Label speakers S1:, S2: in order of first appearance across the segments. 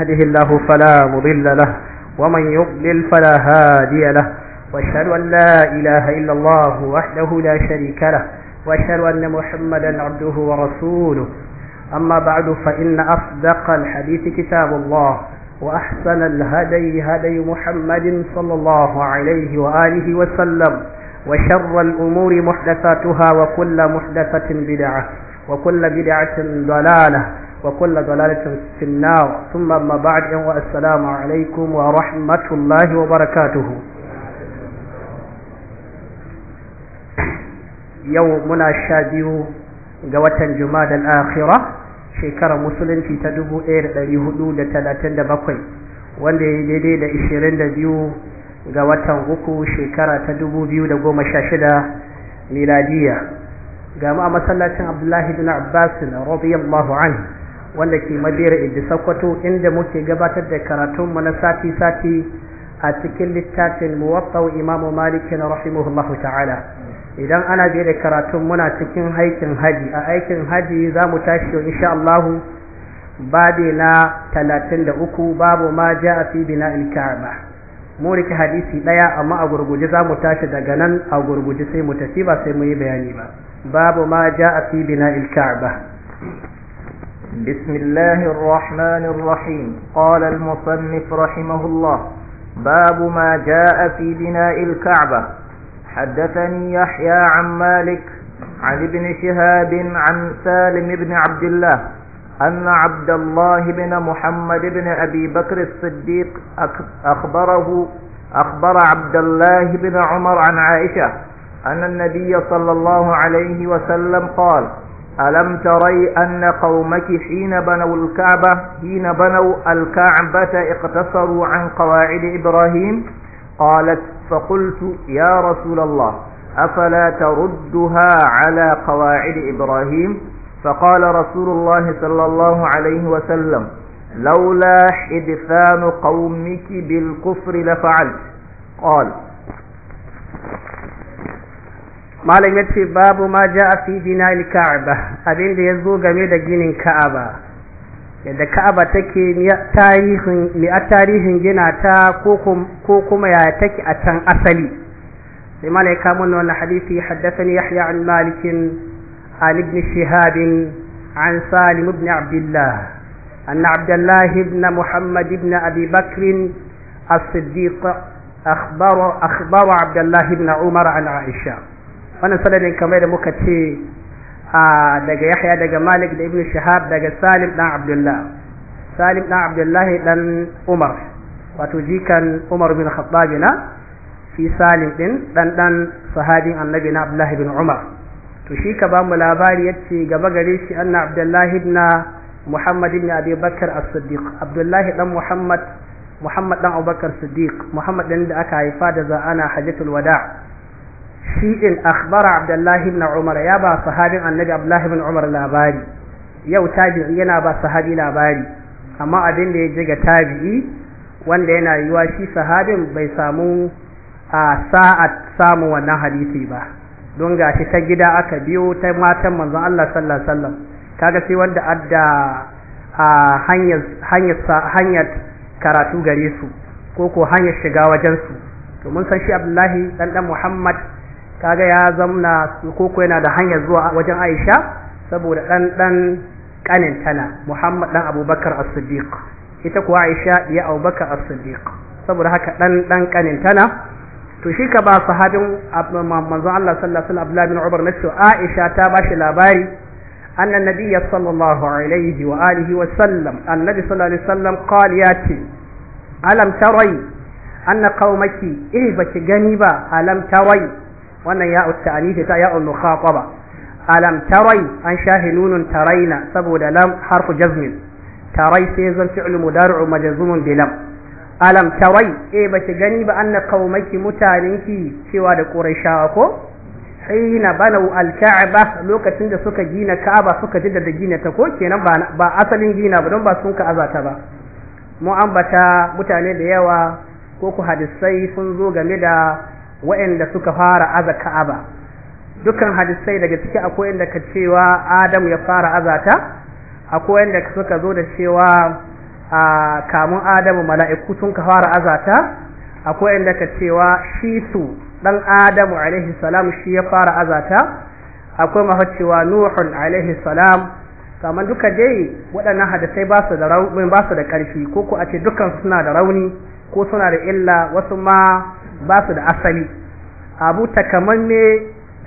S1: يهده الله فلا مضل له ومن يضلل فلا هادي له واشهد ان لا اله الا الله وحده لا شريك له واشهد ان محمدا عبده ورسوله اما بعد فان اصدق الحديث كتاب الله واحسن الهدي هدي محمد صلى الله عليه واله وسلم وشر الامور محدثاتها وكل محدثه بدعه وكل بدعه ضلاله وكل ضلالة في النار ثم أما بعد السلام wa ورحمة الله وبركاته yau muna sha biyu ga watan juma'a akhira shekarar musulunci ta dubu ɗaya da ɗari hudu da talatin da bakwai wanda ya yi daidai da ishirin da biyu ga watan uku shekara ta dubu biyu da goma sha shida miladiya ga a masallacin abdullahi bin abbas radiyallahu anhu wanda ke madera idda sakwato inda muke gabatar da karatun mu na sati sati a cikin littafin muwaffaq imam malik rahimahullahu ta'ala idan ana biye da karatun muna cikin aikin haji a aikin haji za mu tashi insha Allah babi na uku babu ma jaa fi bina'il ka'aba mu rike hadisi ɗaya amma a gurguje za mu tashi daga nan a gurguje sai mu tafi ba sai mu yi bayani ba babu ma jaa fi
S2: bina'il ka'aba بسم الله الرحمن الرحيم قال المصنف رحمه الله باب ما جاء في بناء الكعبة حدثني يحيى عن مالك عن ابن شهاب عن سالم بن عبد الله أن عبد الله بن محمد بن أبي بكر الصديق أخبره أخبر عبد الله بن عمر عن عائشة أن النبي صلى الله عليه وسلم قال ألم تري أن قومك حين بنوا الكعبة حين بنوا الكعبة اقتصروا عن قواعد إبراهيم قالت فقلت يا رسول الله أفلا تردها على قواعد إبراهيم فقال رسول الله صلى الله عليه وسلم لولا حدثان قومك بالكفر لفعلت قال
S1: malam yace babu ma ja a fi abin da ya zo game da ginin ka'aba yadda ka'aba take tarihin mi a tarihin gina ta ko kuma ya take a can asali sai malam ya na wannan hadisi haddathani yahya an malik an ibn shihab an salim ibn abdullah أن عبد الله بن muhammad بن أبي بكر الصديق أخبر, أخبر عبد الله بن عمر عن عائشة wannan sanadin kamar da muka ce daga Yahya daga Malik da Ibn Shihab daga Salim dan Abdullah Salim dan Abdullah dan Umar wato jikan Umar bin Khattab na shi Salim din dan dan sahabin Annabi na Abdullah bin Umar to shi ka bamu labari yace gaba gare shi anna Abdullah ibn Muhammad ibn Abi Bakar as-Siddiq Abdullah dan Muhammad Muhammad dan Abubakar Siddiq Muhammad din da aka haifa da zaana ana Hajjatul Wada' shi in akhbara abdullahi ibn umar ya ba sahabin annabi abdullahi ibn umar labari yau tabi'i yana ba sahabi labari amma abin da ya je ga tabi'i wanda yana yiwa shi sahabin bai samu a sa'at samu wannan hadisi ba don ga shi ta gida aka biyo ta matan manzon Allah sallallahu alaihi wasallam kaga sai wanda adda a hanyar hanyar hanyar karatu gare su ko ko hanyar shiga wajen su to mun san shi Abdullahi dan dan Muhammad kaga ya zamna koko yana da hanyar zuwa wajen Aisha saboda ɗan ɗan ƙanin tana Muhammad ɗan Abubakar As-Siddiq ita kuwa Aisha ya Abubakar As-Siddiq saboda haka ɗan ɗan ƙanin tana to shi ka ba sahabin manzo Allah sallallahu alaihi wasallam bin Umar nace Aisha ta bashi labari anna nabiyya sallallahu alaihi wa alihi wa sallam annabi sallallahu alaihi wasallam qal yati alam tarai anna qaumaki eh baki gani ba alam tarai wannan ya ta'anifi ta ya mukhataba alam tarai an shahi nunun taraina saboda lam harfu jazmin tarai sai zan fi'lu mudari'u majzumun bi lam alam tarai eh baki gani ba an anna qaumaki mutanenki cewa da quraishawa ko hina banau ba lokacin da suka gina ka'aba suka da gina ta ko kenan ba asalin gina ba don ba sun ka azata ba mu ambata mutane da yawa ko ku hadisai sun zo game da waɗanda suka fara aza ka'aba dukkan hadisai daga ciki akwai inda ka cewa Adam ya fara azata akwai inda suka zo da cewa a kamun Adamu mala'iku sun ka fara azata akwai inda ka cewa shi su dan Adamu alaihi salam shi ya fara azata akwai cewa Nuhun alaihi salam kamar duka dai waɗannan hadisai ba su da rauni ba su da ƙarfi ko ko a ce dukkan suna da rauni ko suna da illa wasu ma ba su da asali abu takamanne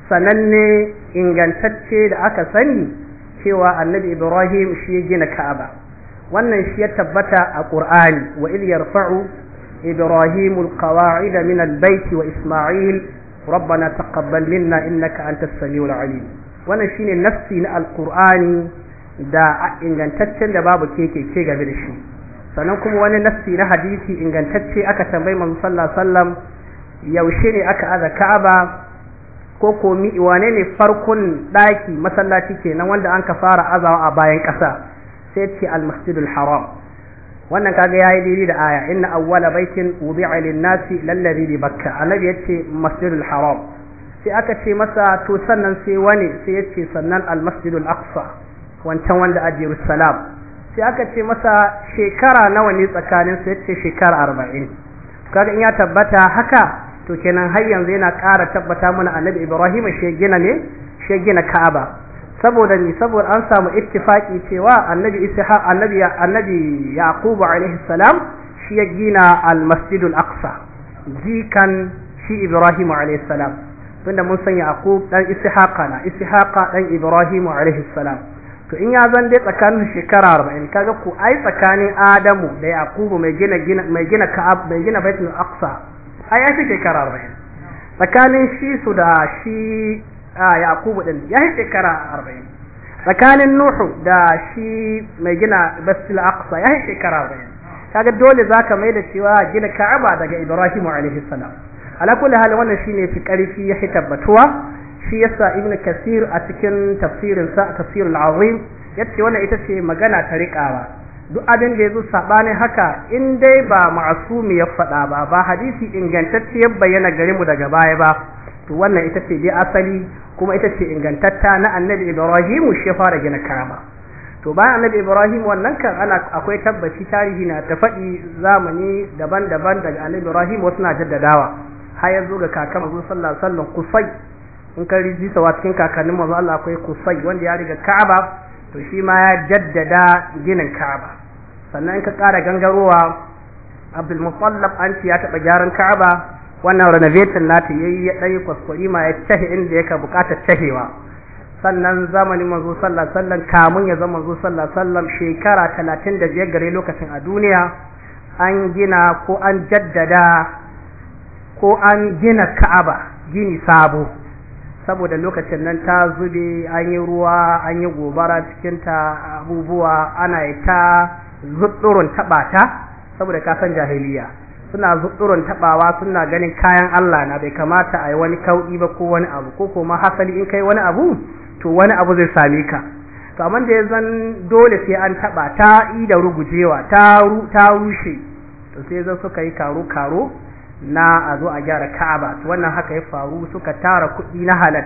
S1: sananne ingantacce da aka sani cewa annabi ibrahim shi ya gina ka'aba wannan shi ya tabbata a ƙur'ani wa il yarfa'u ibrahim alqawa'id min albayt wa isma'il rabbana taqabbal minna innaka antas samiul alim wannan shine nafsi na alqur'ani da ingantaccen da babu keke ga game da shi sannan kuma wani nafsi na hadisi ingantacce aka tambayi manzo sallallahu alaihi wasallam yaushe ne aka aza ka'aba ko ko mi wane ne farkon ɗaki masallaci kenan wanda an ka fara azawa a bayan ƙasa sai ce al haram wannan kaga yayi daidai da aya inna awwala baitin wudi'a lin-nasi lalladhi bi bakka annabi yace masjidul haram sai aka ce masa to sannan sai wani sai yace sannan al aqsa wancan wanda a Jerusalem sai aka ce masa shekara nawa ne tsakanin sai yace shekara 40 kaga in ya tabbata haka to kenan har yanzu yana ƙara tabbata mana annabi Ibrahim shegina ne shegina Ka'aba saboda ni saboda an samu ittifaki cewa annabi Ishaq annabi annabi Yaqub alaihi salam shi ya gina al-Masjid al-Aqsa jikan shi Ibrahim alaihi salam tunda mun san Yaqub dan Ishaq na Ishaq dan Ibrahim alaihi salam to in ya zan dai tsakanin shekara 40 kaga ku ai tsakanin Adamu da Yaqub mai gina gina mai gina Ka'ab mai gina Baitul Aqsa ai ya shi shekara arba'in tsakanin shi su da shi a yakubu din ya shi shekara arba'in tsakanin nuhu da shi mai gina basil aqsa ya shi shekara arba'in kaga dole zaka mai da cewa gina ka'aba daga ibrahim alaihi salam ala kulli hal wannan shine fi karfi ya fi tabbatuwa shi yasa ibn kasir a cikin tafsirin sa tafsirul azim yace wannan ita ce magana ta riƙawa duk abin da yazo sabanin haka in dai ba ma'asumi ya faɗa ba ba hadisi ingantacce ya bayyana gare mu daga baya ba to wannan ita ce dai asali kuma ita ce ingantatta na annabi Ibrahim shi ya fara gina kaba. to bayan annabi Ibrahim wannan kan ana akwai tabbaci tarihi na ta faɗi zamani daban-daban daga annabi Ibrahim wasu na jaddadawa har yanzu ga kakan manzo sallallahu alaihi kusai in kan rijisa wa cikin kakannin manzo Allah akwai kusai wanda ya riga Ka'aba to shi ma ya jaddada ginin Ka'aba sannan in ka ƙara gangarowa Abdul Muttalib an ci ya taɓa gyaran Ka'aba wannan renovation nata yayi ya dai kwaskwari ma ya tahe inda yake buƙatar tahewa sannan zamanin manzo sallallahu alaihi kamun ya zama manzo sallallahu alaihi wasallam shekara biyar gare lokacin a duniya an gina ko an jaddada ko an gina Ka'aba gini sabo saboda lokacin nan ta zube an yi ruwa an yi gobara cikin abubuwa ana yi ta zuɗurun taɓa ta saboda kasan jahiliya suna zuɗurun taɓawa suna ganin kayan Allah na bai kamata a yi wani kauɗi ba ko wani abu ko kuma hasali in kai wani abu to wani abu zai same ka to amma da ya zan dole sai an taɓa ta idan da rugujewa ta rushe to sai zan suka yi karo karo na a zo a gyara ka'aba wannan haka ya faru suka tara kuɗi na halak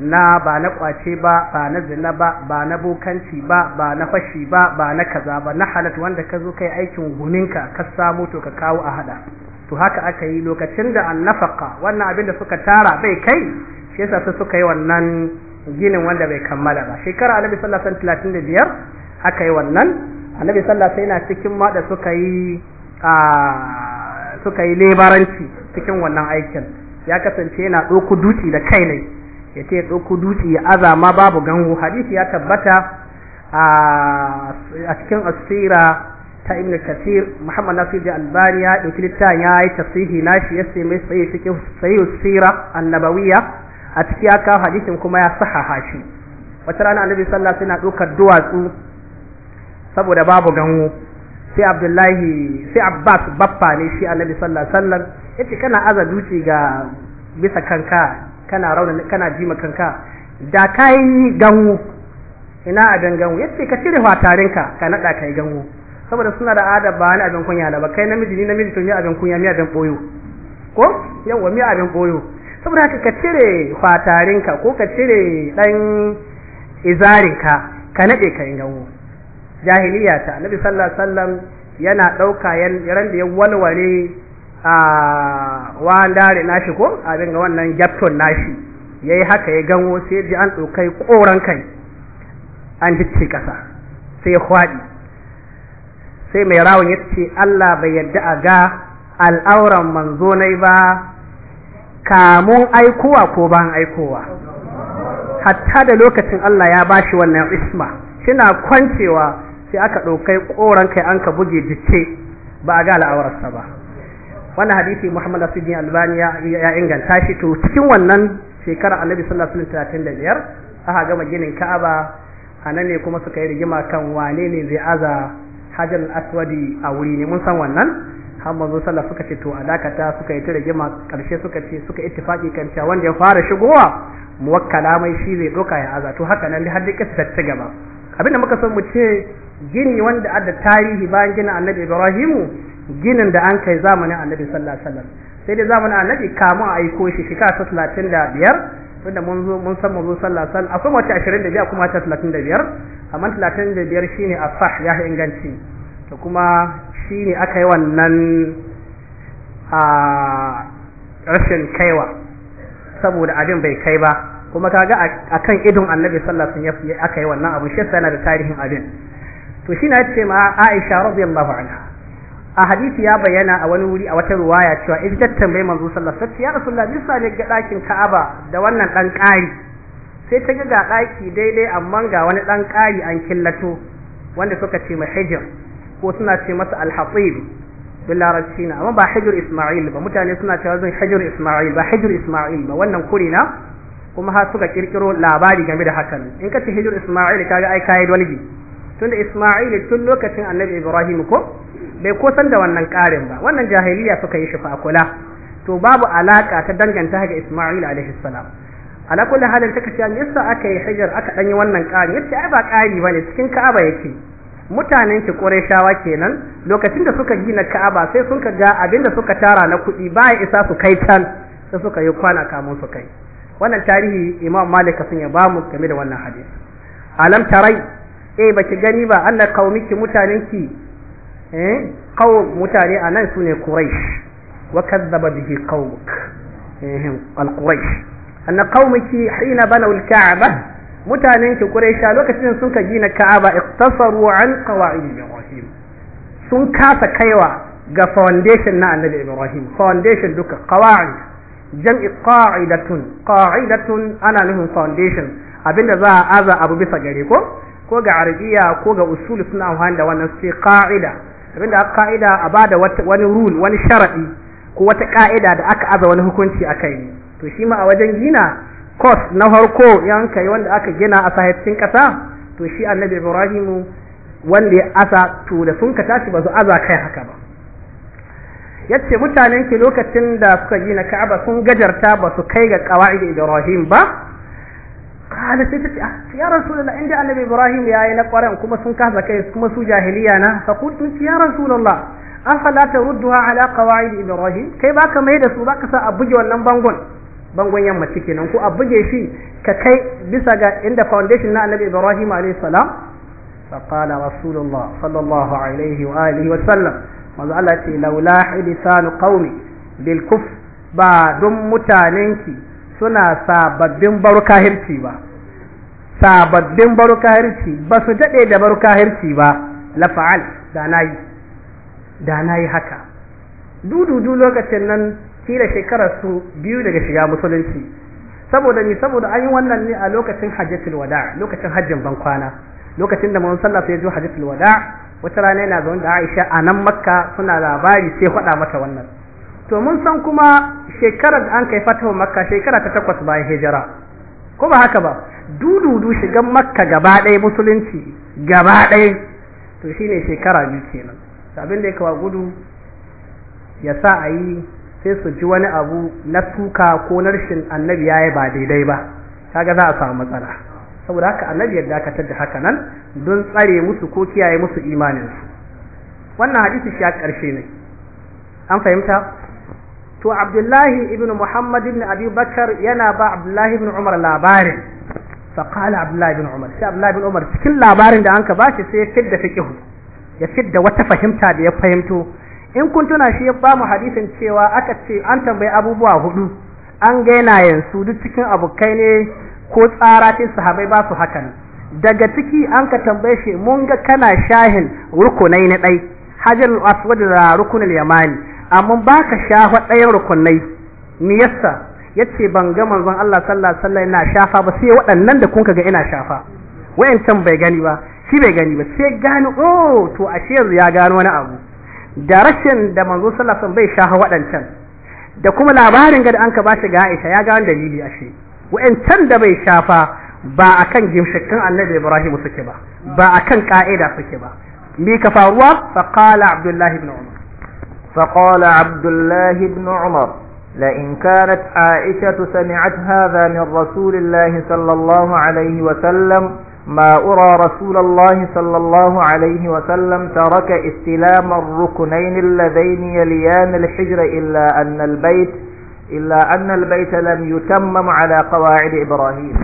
S1: na ba na kwace ba ba na zina ba ba na bokanci ba ba na fashi ba ba na kaza ba na halat wanda ka zo kai aikin guninka ka samu to ka kawo a hada to haka aka yi lokacin da annafaka wannan abin da suka tara bai kai shi yasa su suka yi wannan ginin wanda bai kammala ba shekara annabi sallallahu alaihi wasallam 35 aka yi wannan annabi sallallahu alaihi wasallam yana cikin ma da suka yi a ah, suka yi lebaranci cikin wannan aikin ya kasance yana ɗauko dutse da kai ne ya ce ɗauko dutse ya azama babu gango hadisi ya tabbata a cikin asira ta ibn kathir muhammad nasir da albani ya ɗauki littafin ya yi tasihi shi ya sai mai tsaye cikin sai sira annabawiya a ciki ya kawo hadisin kuma ya sahaha shi wata rana annabi sallallahu alaihi wasallam ɗaukar duwatsu saboda babu gango sai abdullahi sai abbas baffa ne shi annabi sallallahu alaihi wasallam yace kana aza duci ga bisa kanka kana rauna kana jima kanka da kai ganwu ina a gangan yace ka cire fatarinka ka nada kai ganwu saboda suna da adab ba ni abin kunya da ba kai namiji ni namiji to ni abin kunya a abin boyo ko yawa mi abin boyo saboda haka ka cire fatarinka ko ka cire dan izarinka ka nade kai ganwu jahiliya ta annabi sallallahu alaihi wasallam yana ɗauka ran da ya walwale a dare nashi ko abin ga wannan gyapton nashi yayi haka ya ganwo sai ji an ɗaukai koran kai an dace ƙasa sai kwaɗi sai mai rawun yace Allah bai yadda a ga al'auran manzo nai ba kamun aikowa ko ban aikowa hatta da lokacin Allah ya bashi wannan isma shina kwancewa sai aka ɗaukai ƙoran kai an ka buge dice ba a ga al'aurarsa ba wannan hadisi muhammad asijin albani ya inganta shi to cikin wannan shekarar annabi sallallahu alaihi wasallam biyar aka gama ginin ka'aba a nan ne kuma suka yi rigima kan wane ne zai aza hajar aswadi a wuri ne mun san wannan har manzo sallah suka ce to a dakata suka yi ta rigima karshe suka ce suka ittifaki kan cewa wanda ya fara shigowa mu muwakkala mai shi zai doka ya aza to haka nan har dai ta gaba abinda muka san mu ce gini wanda ada tarihi bayan gina annabi ibrahimu ginin da an kai zamanin annabi sallallahu alaihi wasallam sai dai zamanin annabi kamu a aiko shi shi ta talatin da biyar tunda mun zo mun san zo sallallahu alaihi wasallam akwai wata ashirin da biyar kuma ta talatin da biyar amma talatin da biyar shine asah ya inganci to kuma shine aka yi wannan a rashin kaiwa saboda abin bai kai ba kuma kaga akan idon annabi sallallahu alaihi wasallam aka yi wannan abu shi yana da tarihin abin to shi na ce ma Aisha radiyallahu anha a hadisi ya bayyana a wani wuri a wata ruwaya cewa in ta tambayi manzo sallallahu alaihi wasallam ya rasulullah bisa ne ga dakin Ka'aba da wannan dan kari sai ta ga daki daidai amma ga wani dan ƙari an killato wanda suka ce ma hijir ko suna ce masa al-hatib amma ba hijir Isma'il ba mutane suna cewa zan hijir Isma'il ba hijir Isma'il ba wannan kuri na kuma har suka kirkiro labari game da hakan in ka ce hijir Isma'il kaga ai kai walgi tunda Isma'il tun lokacin Annabi Ibrahim ko bai kosan da wannan karin ba wannan jahiliya suka yi shi fa kula to babu alaka ta danganta ga Isma'il alaihi salam ala kulli halin take cewa yasa aka yi hijar aka danyi wannan ƙari yace ai ba ba bane cikin Ka'aba yake mutanen ki Qurayshawa kenan lokacin da suka gina Ka'aba sai sun ga abinda suka tara na kuɗi ya isa su kai tan sai suka yi kwana kamun su kai wannan tarihi Imam Malik sun ya bamu game da wannan hadisi alam tarai e baki gani ba anna kaumiki mutanenki eh qaum mutane anan sune quraish wa kadzaba bihi qaumuk eh al quraish anna qaumiki hina banaw al ka'ba mutanenki quraisha lokacin sun ka gina ka'aba iktasaru an qawa'id ibrahim sun kasa kaiwa ga foundation na annabi ibrahim foundation duka qawa'id jam'i qa'idatun qa'idatun ana nufin foundation abinda za a aza abu bisa gare ko ko ga arabiya ko ga usul suna amfani da wannan sai ka'ida abinda aka ka'ida a bada wani rule wani sharadi ko wata ka'ida da aka aza wani hukunci a kai to shi ma a wajen gina course na harko yan kai wanda aka gina a sahibcin kasa to shi annabi ibrahimu wanda ya asa to da sun ka tashi ba aza kai haka ba yace mutanen ki lokacin da suka gina ka'aba sun gajarta ba su kai ga qawaid ibrahim ba kada sai tace ah ya rasulullah inda annabi ibrahim ya yi na kwaran kuma sun kasa kai kuma su jahiliya na fa kuntu ya rasulullah afala tarudduha ala qawaid ibrahim kai baka mai da su baka sa a buge wannan bangon bangon yammaci kenan ko a buge shi ka kai bisa ga inda foundation na annabi ibrahim alayhi salam fa qala rasulullah sallallahu alaihi wa alihi wa sallam manzo Allah ce laula hilisanu qaumi bil kuf ba don mutanenki suna sababbin barukahirci ba sababbin barukahirci ba su daɗe da barukahirci ba fa'al da nayi da nayi haka du lokacin nan kila shekarar su biyu daga shiga musulunci saboda ni saboda an yi wannan ne a lokacin hajjatul wada lokacin hajjin ban kwana lokacin da mun sallah sai ya zo hajjatul wada wata rana yana zaune da Aisha a nan Makka suna labari sai faɗa mata wannan to mun san kuma shekarar da an kai fatawar makka shekara ta takwas bayan hijira ko ba haka ba dududu shigan makka gaba ɗaya musulunci gaba ɗaya to shine shekara biyu kenan abin da ya kawo gudu ya sa a yi sai su ji wani abu na tuka ko na rashin annabi ya yi ba daidai ba kaga za a samu matsala saboda haka annabi ya dakatar da haka nan don tsare musu ko kiyaye musu imaninsu wannan hadisi shi a ƙarshe ne an fahimta to abdullahi ibn muhammad ibn abi bakar yana ba abdullahi ibn umar labarin fa qala abdullahi ibn umar sai abdullahi ibn umar cikin labarin da anka bashi sai ya fidda fiqhu ya fidda wata fahimta da ya fahimto in kun tuna shi ya ba mu hadisin cewa aka ce an tambayi abubuwa hudu an gaina yansu duk cikin abokai ne ko tsara ce sahabai ba su hakan daga ciki an ka tambaye shi mun ga kana shahin rukunai na ɗai hajar aswad da rukunin yamani amma baka shafa ɗayan rukunai me yasa yace ban ga manzon Allah sallallahu alaihi wasallam na shafa ba sai waɗannan da kun ga ina shafa wayancan bai gani ba shi bai gani ba sai gano oh to ashe yanzu ya gano wani abu da rashin da manzo sallallahu alaihi wasallam bai shafa waɗancan da kuma labarin ga da an ka bashi ga Aisha ya gano dalili ashe wayancan da bai shafa ba akan gimshikin Annabi Ibrahim suke ba ba akan ka'ida suke ba me ka faruwa fa
S2: Abdullah ibn Umar فقال عبد الله بن عمر لئن كانت عائشة سمعت هذا من رسول الله صلى الله عليه وسلم ما أرى رسول الله صلى الله عليه وسلم ترك استلام الركنين اللذين يليان الحجر إلا أن البيت إلا أن البيت لم يتمم على قواعد إبراهيم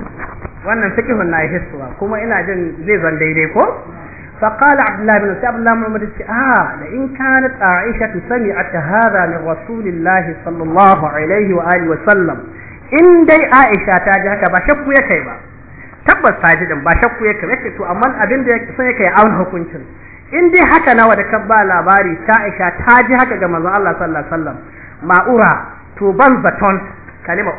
S1: وأنا fikihun na hissuwa kuma ina jin zai zan
S2: فقال عبد الله بن عبد الله بن آه
S1: لئن كانت عائشة سمعت هذا من رسول الله صلى الله عليه وآله وسلم in dai Aisha ta ji haka ba shakku ya kai ba tabbas ta ji din ba shakku ya kai yake to amma abin da yake sai kai aun hukuncin in dai haka nawa da ka ba labari ta Aisha ta ji haka ga manzon Allah sallallahu ma'ura zaton kalima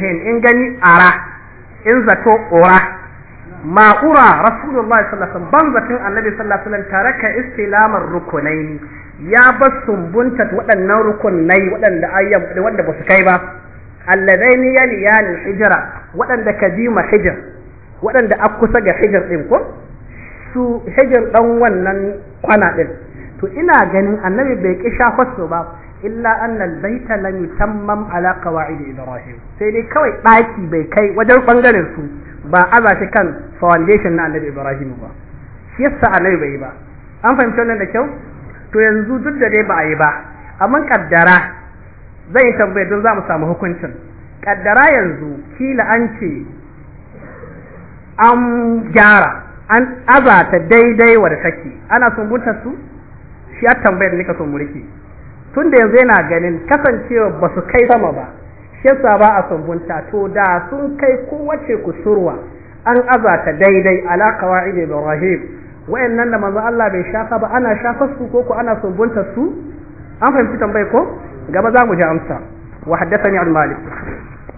S1: in gani ara in zato ora ma'ura rasulullahi sallallahu alaihi wasallam zakin annabi sallallahu alaihi wasallam taraka istilamar rukunaini ya bas sumbunta waɗannan rukunai waɗanda ayyab wanda ba su kai ba alladaini yaliyan hijra waɗanda kadima hijir waɗanda a kusa ga hijir din ko su hijir ɗan wannan kwana ɗin? to ina ganin annabi bai ki shafasu ba illa anna albayta lam yutammam ala qawaid ibrahim sai dai kawai ɗaki bai kai wajen bangaren su ba aza shi kan foundation na annabi ibrahim ba shi yasa annabi bai ba an fahimci wannan da kyau to yanzu duk da dai ba a yi ba amma kaddara zai yi tambaya don za mu samu hukuncin kaddara yanzu kila an ce an gyara an azata daidai wa da take ana buta su shi a tambayar nika mulki tun da yanzu yana ganin kasancewa ba su kai sama ba shi yasa ba a sumbunta to da sun kai kowace kusurwa an azata daidai ala qawaid ibrahim nan da manzo Allah bai shafa ba ana shafa
S2: su ko ko ana sumbunta su an fahimci tambayi ko gaba za mu ji amsa wa haddathani an malik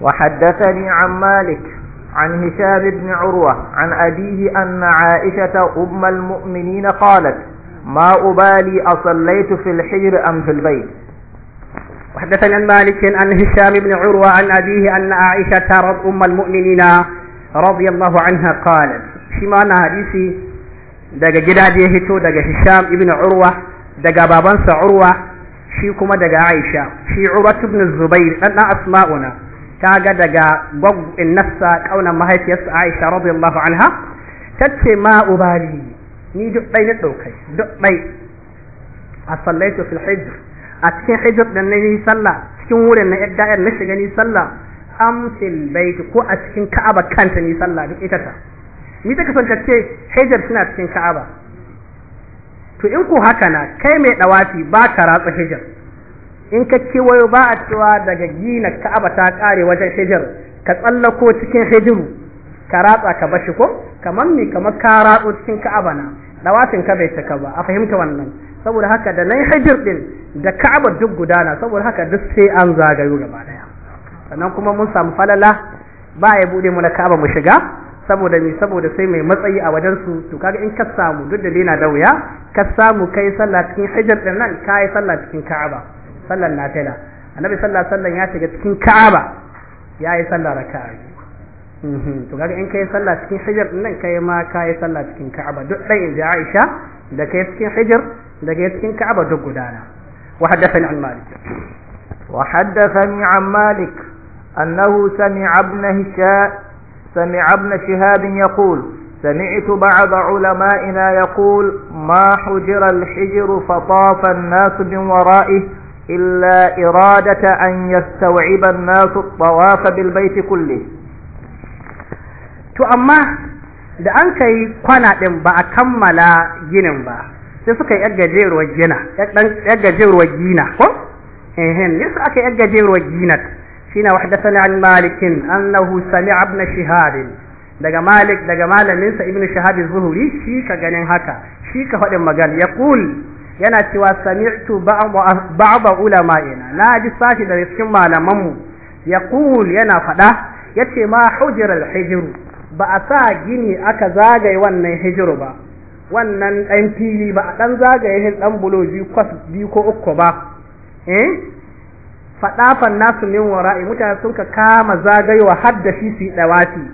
S2: wa haddathani an malik عن هشام بن عروة عن أبيه أن عائشة أم المؤمنين قالت ما أبالي أصليت في الحجر أم في البيت وحدثني عن مالك عن
S1: هشام بن عروة عن أبيه أن عائشة رب أم المؤمنين رضي الله عنها قالت شما أنا حديثي daga gidaje hito daga Hisham ibn Urwa daga babansa Urwa shi kuma daga Aisha shi Urwa ibn Zubair dan dan Asma'una kaga daga gwaggin nassa kaunan mahaifiyarsa Aisha radiyallahu anha tace ma ubali ni duk dai na daukai a sallaitu a cikin hijab da na yi sallah cikin wurin na yadda na shiga ni sallah amsil baiti ko a cikin ka'aba kanta ni sallah duk ita ta ni ta kasance ce hijab suna cikin ka'aba to in ko haka na kai mai dawafi ba ka ratsa hijab in ka kiwayo ba a cewa daga gina ka'aba ta kare wajen hijab ka tsallako cikin hijiru ka ratsa ka bashi ko kamar me kamar ka ratsa cikin ka'aba na dawafin ka bai cika ba a fahimta wannan saboda haka da nan hijir din da ka'aba duk gudana saboda haka duk sai an zagayo gaba daya sannan kuma mun samu falala ba ya bude mu ka'aba mu shiga saboda mi saboda sai mai matsayi a wajen su to kaga in ka samu duk da dina da wuya ka samu kai sallah cikin hijir din nan kai sallah cikin ka'aba na nafila annabi sallallahu alaihi wasallam ya shiga cikin ka'aba ya yi sallah raka'a mhm. to kaga in kai sallah cikin hijir nan kai ma kai sallah cikin Ka'aba duk dai inda Aisha da kai cikin hijir
S2: daga cikin Ka'aba duk gudana wa haddathani an Malik wa haddathani an Malik annahu sami'a ibn Hisham sami'a ibn Shihab yaqul سمعت بعض علمائنا يقول ما حجر الحجر فطاف الناس من ورائه إلا إرادة أن يستوعب الناس الطواف بالبيت كله to amma
S1: da an kai kwana ɗin ba a kammala ginin ba sai suka yi gajeruwar gina yar gajeruwar gina ko ehem yasa aka yi gajeruwar gina shine wahdathana an malikin annahu sami'a ibn shihab daga malik daga malamin sa ibn shihab zuhuri shi ka ganin haka shi ka faɗin magana yaqul yana cewa sami'tu ba'd ulama'ina na ji sashi da cikin malaman mu yaqul yana faɗa yace ma hujral hijru ba a sa gini aka zagaye wannan hijiru ba wannan ɗan fili ba a ɗan zagaye ɗan bulo biyu ko uku ba eh faɗafan nasu min wara'i mutane sun ka kama zagayowa har da shi su yi ɗawati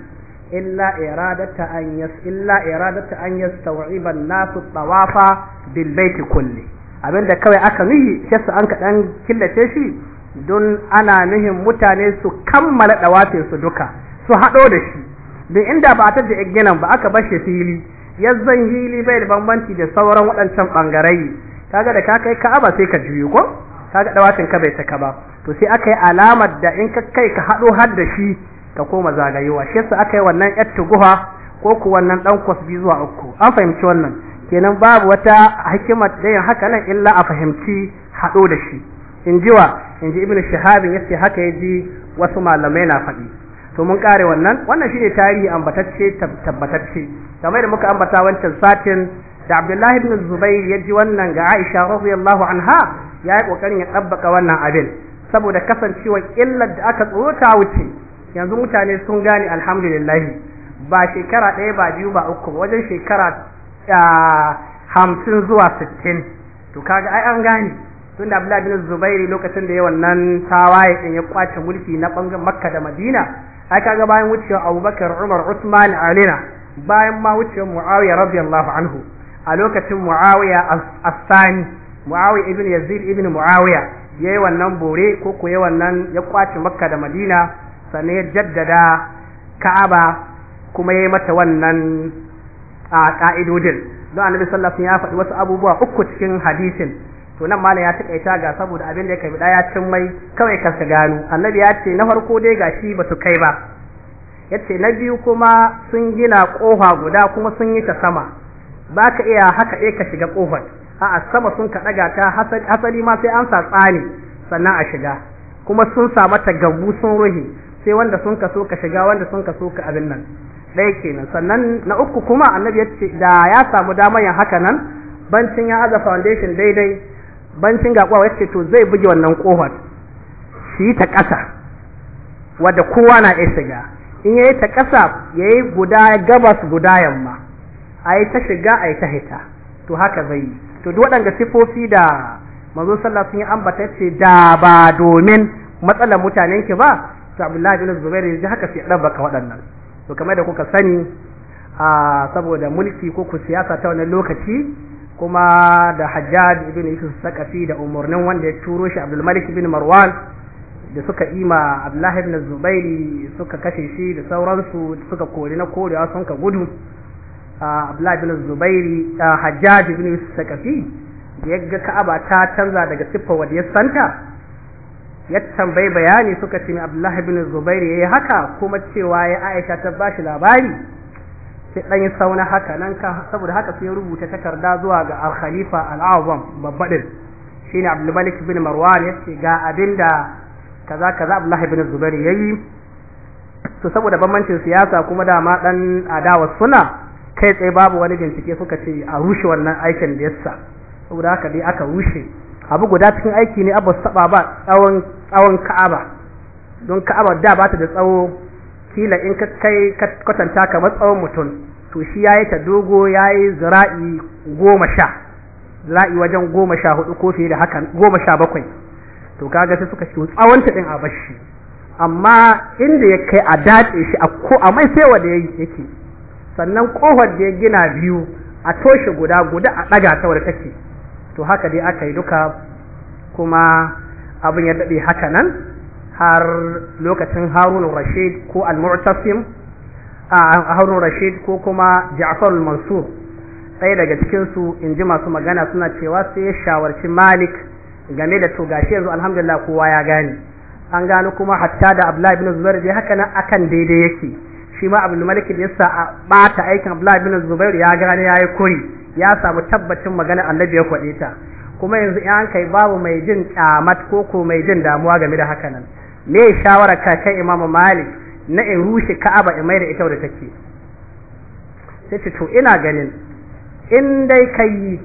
S1: illa iradata an yas illa iradata an yastawiban nasu tawafa bil baiti kulli abinda kawai aka nuhi sai an ka dan killace shi don ana nuhin mutane su kammala ɗawafinsu duka su haɗo da shi da inda ba ta da ginan ba aka bar shi fili yazzan hili bai da bambanci da sauran waɗancan bangarai kaga da ka kai ka'aba sai ka juyo ko kaga dawatin ka bai saka ba to sai aka yi alamar da in ka kai ka haɗo har da shi ka koma zagayowa shi yasa aka yi wannan yar tuguha ko ku wannan dan kwasbi zuwa uku an fahimci wannan kenan babu wata hikimar da yin haka nan illa a fahimci haɗo da shi in ji wa in ji ibnu shahabin yace haka yaji wasu malamai na faɗi to mun kare wannan wannan shine tarihi ambatacce tabbatacce kamar muka ambata wancan satin da Abdullahi ibn Zubair ya ji wannan ga Aisha radiyallahu anha ya yi kokarin ya tabbaka wannan abin saboda kasancewar illar da aka tsota wuce yanzu mutane sun gane alhamdulillah ba shekara ɗaya ba biyu ba uku wajen shekara hamsin zuwa sittin to kaga ai an gane tunda Abdullahi ibn Zubair lokacin da ya wannan tawaye din ya kwace mulki na bangaren Makka da Madina ai kaga bayan wucewa Abubakar Umar Uthman Ali na bayan ma wucewa Muawiya radiyallahu anhu a lokacin Muawiya as-Sani Muawiya ibn Yazid ibn Muawiya yi wannan bore ko ko yi wannan ya kwace Makka da Madina sannan ya jaddada Ka'aba kuma yi mata wannan a ka'idodin don Annabi sallallahu alaihi ya faɗi wasu abubuwa uku cikin hadisin to nan malam ya takaita ga saboda abin da ya kabi ya cin mai kawai ka gano annabi ya ce na farko dai gashi ba su kai ba yace na biyu kuma sun gina kofa guda kuma sun yi ta sama ba ka iya haka ɗaya ka shiga kofar a'a sama sun ka ɗaga ta hasali ma sai an sa tsani sannan a shiga kuma sun sa mata gabu sun ruhi sai wanda sun ka so ka shiga wanda sun ka so ka abin nan ɗaya kenan sannan na uku kuma annabi yace da ya samu damar yin haka nan bancin ya aza foundation daidai bancin ga kwawa yace to zai buge wannan kofar shi ta ƙasa wadda kowa na iya shiga in yayi ta ƙasa yayi guda gabas guda yamma ayi ta shiga ayi ta hita to haka zai yi to duk waɗanda sifofi da manzo sallallahu alaihi wasallam ambata ce da ba domin matsalar mutanen ki ba to Abdullahi bin Zubair yaji haka sai dan baka waɗannan to kamar da kuka sani a saboda mulki ko ku siyasa ta wannan lokaci kuma da Hajjaj ibn Yusuf Sakafi da umurnin wanda ya turo shi Abdulmalik bin ibn Marwan da suka ima abdullahi ibn zubairi suka kashe shi da sauransu suka kori na korewa sun ka gudu abdullahi ibn zubairi hajjaj ibn sakafi da yagga ka'aba ta canza daga siffar wadda ya santa ya tambayi bayani suka ce ni abdullahi ibn zubairi yayi haka kuma cewa ya aisha ta bashi labari sai dan sauna haka nan ka saboda haka sai rubuta takarda zuwa ga al-khalifa al-azam babbadin shine abdul malik ibn marwan ce ga abinda kaza kaza Abdullahi ibn Zubair yayi to saboda bambancin siyasa kuma da ma dan adawa suna kai tsaye babu wani bincike suka ce a rushe wannan aikin da yassa saboda haka dai aka rushe abu guda cikin aiki ne abu saba ba tsawon tsawon Ka'aba don Ka'aba da ba ta da tsawo kila in ka kai kwatanta kamar tsawon mutum to shi yayi ta dogo yayi zira'i goma sha zira'i wajen goma sha hudu ko fiye da hakan goma sha bakwai to kaga sai suka shi tsawon ta din a bashi amma inda ya kai a dace shi a ko a mai sai wanda yake sannan kohar da ya gina biyu a toshe guda guda a daga ta wadda take to haka dai aka yi duka kuma abin ya dade haka nan har lokacin Harun Rashid ko Al-Mu'tasim a Harun Rashid ko kuma Ja'far al-Mansur ɗaya daga cikin su inji masu magana suna cewa sai ya shawarci Malik game da to gashi yanzu alhamdulillah kowa ya gane an gano kuma hatta da Abdullahi ibn Zubair dai haka nan akan daidai yake shi ma Abdul Malik da yasa a bata aikin Abdullahi ibn Zubair ya gane yayi kuri ya samu tabbacin magana Annabi ya kwade ta kuma yanzu in an kai babu mai jin kyamat ko ko mai jin damuwa game da haka nan me shawara ka kai Imam Malik na in rushe Ka'aba in mai da ita da take sai to ina ganin in dai kai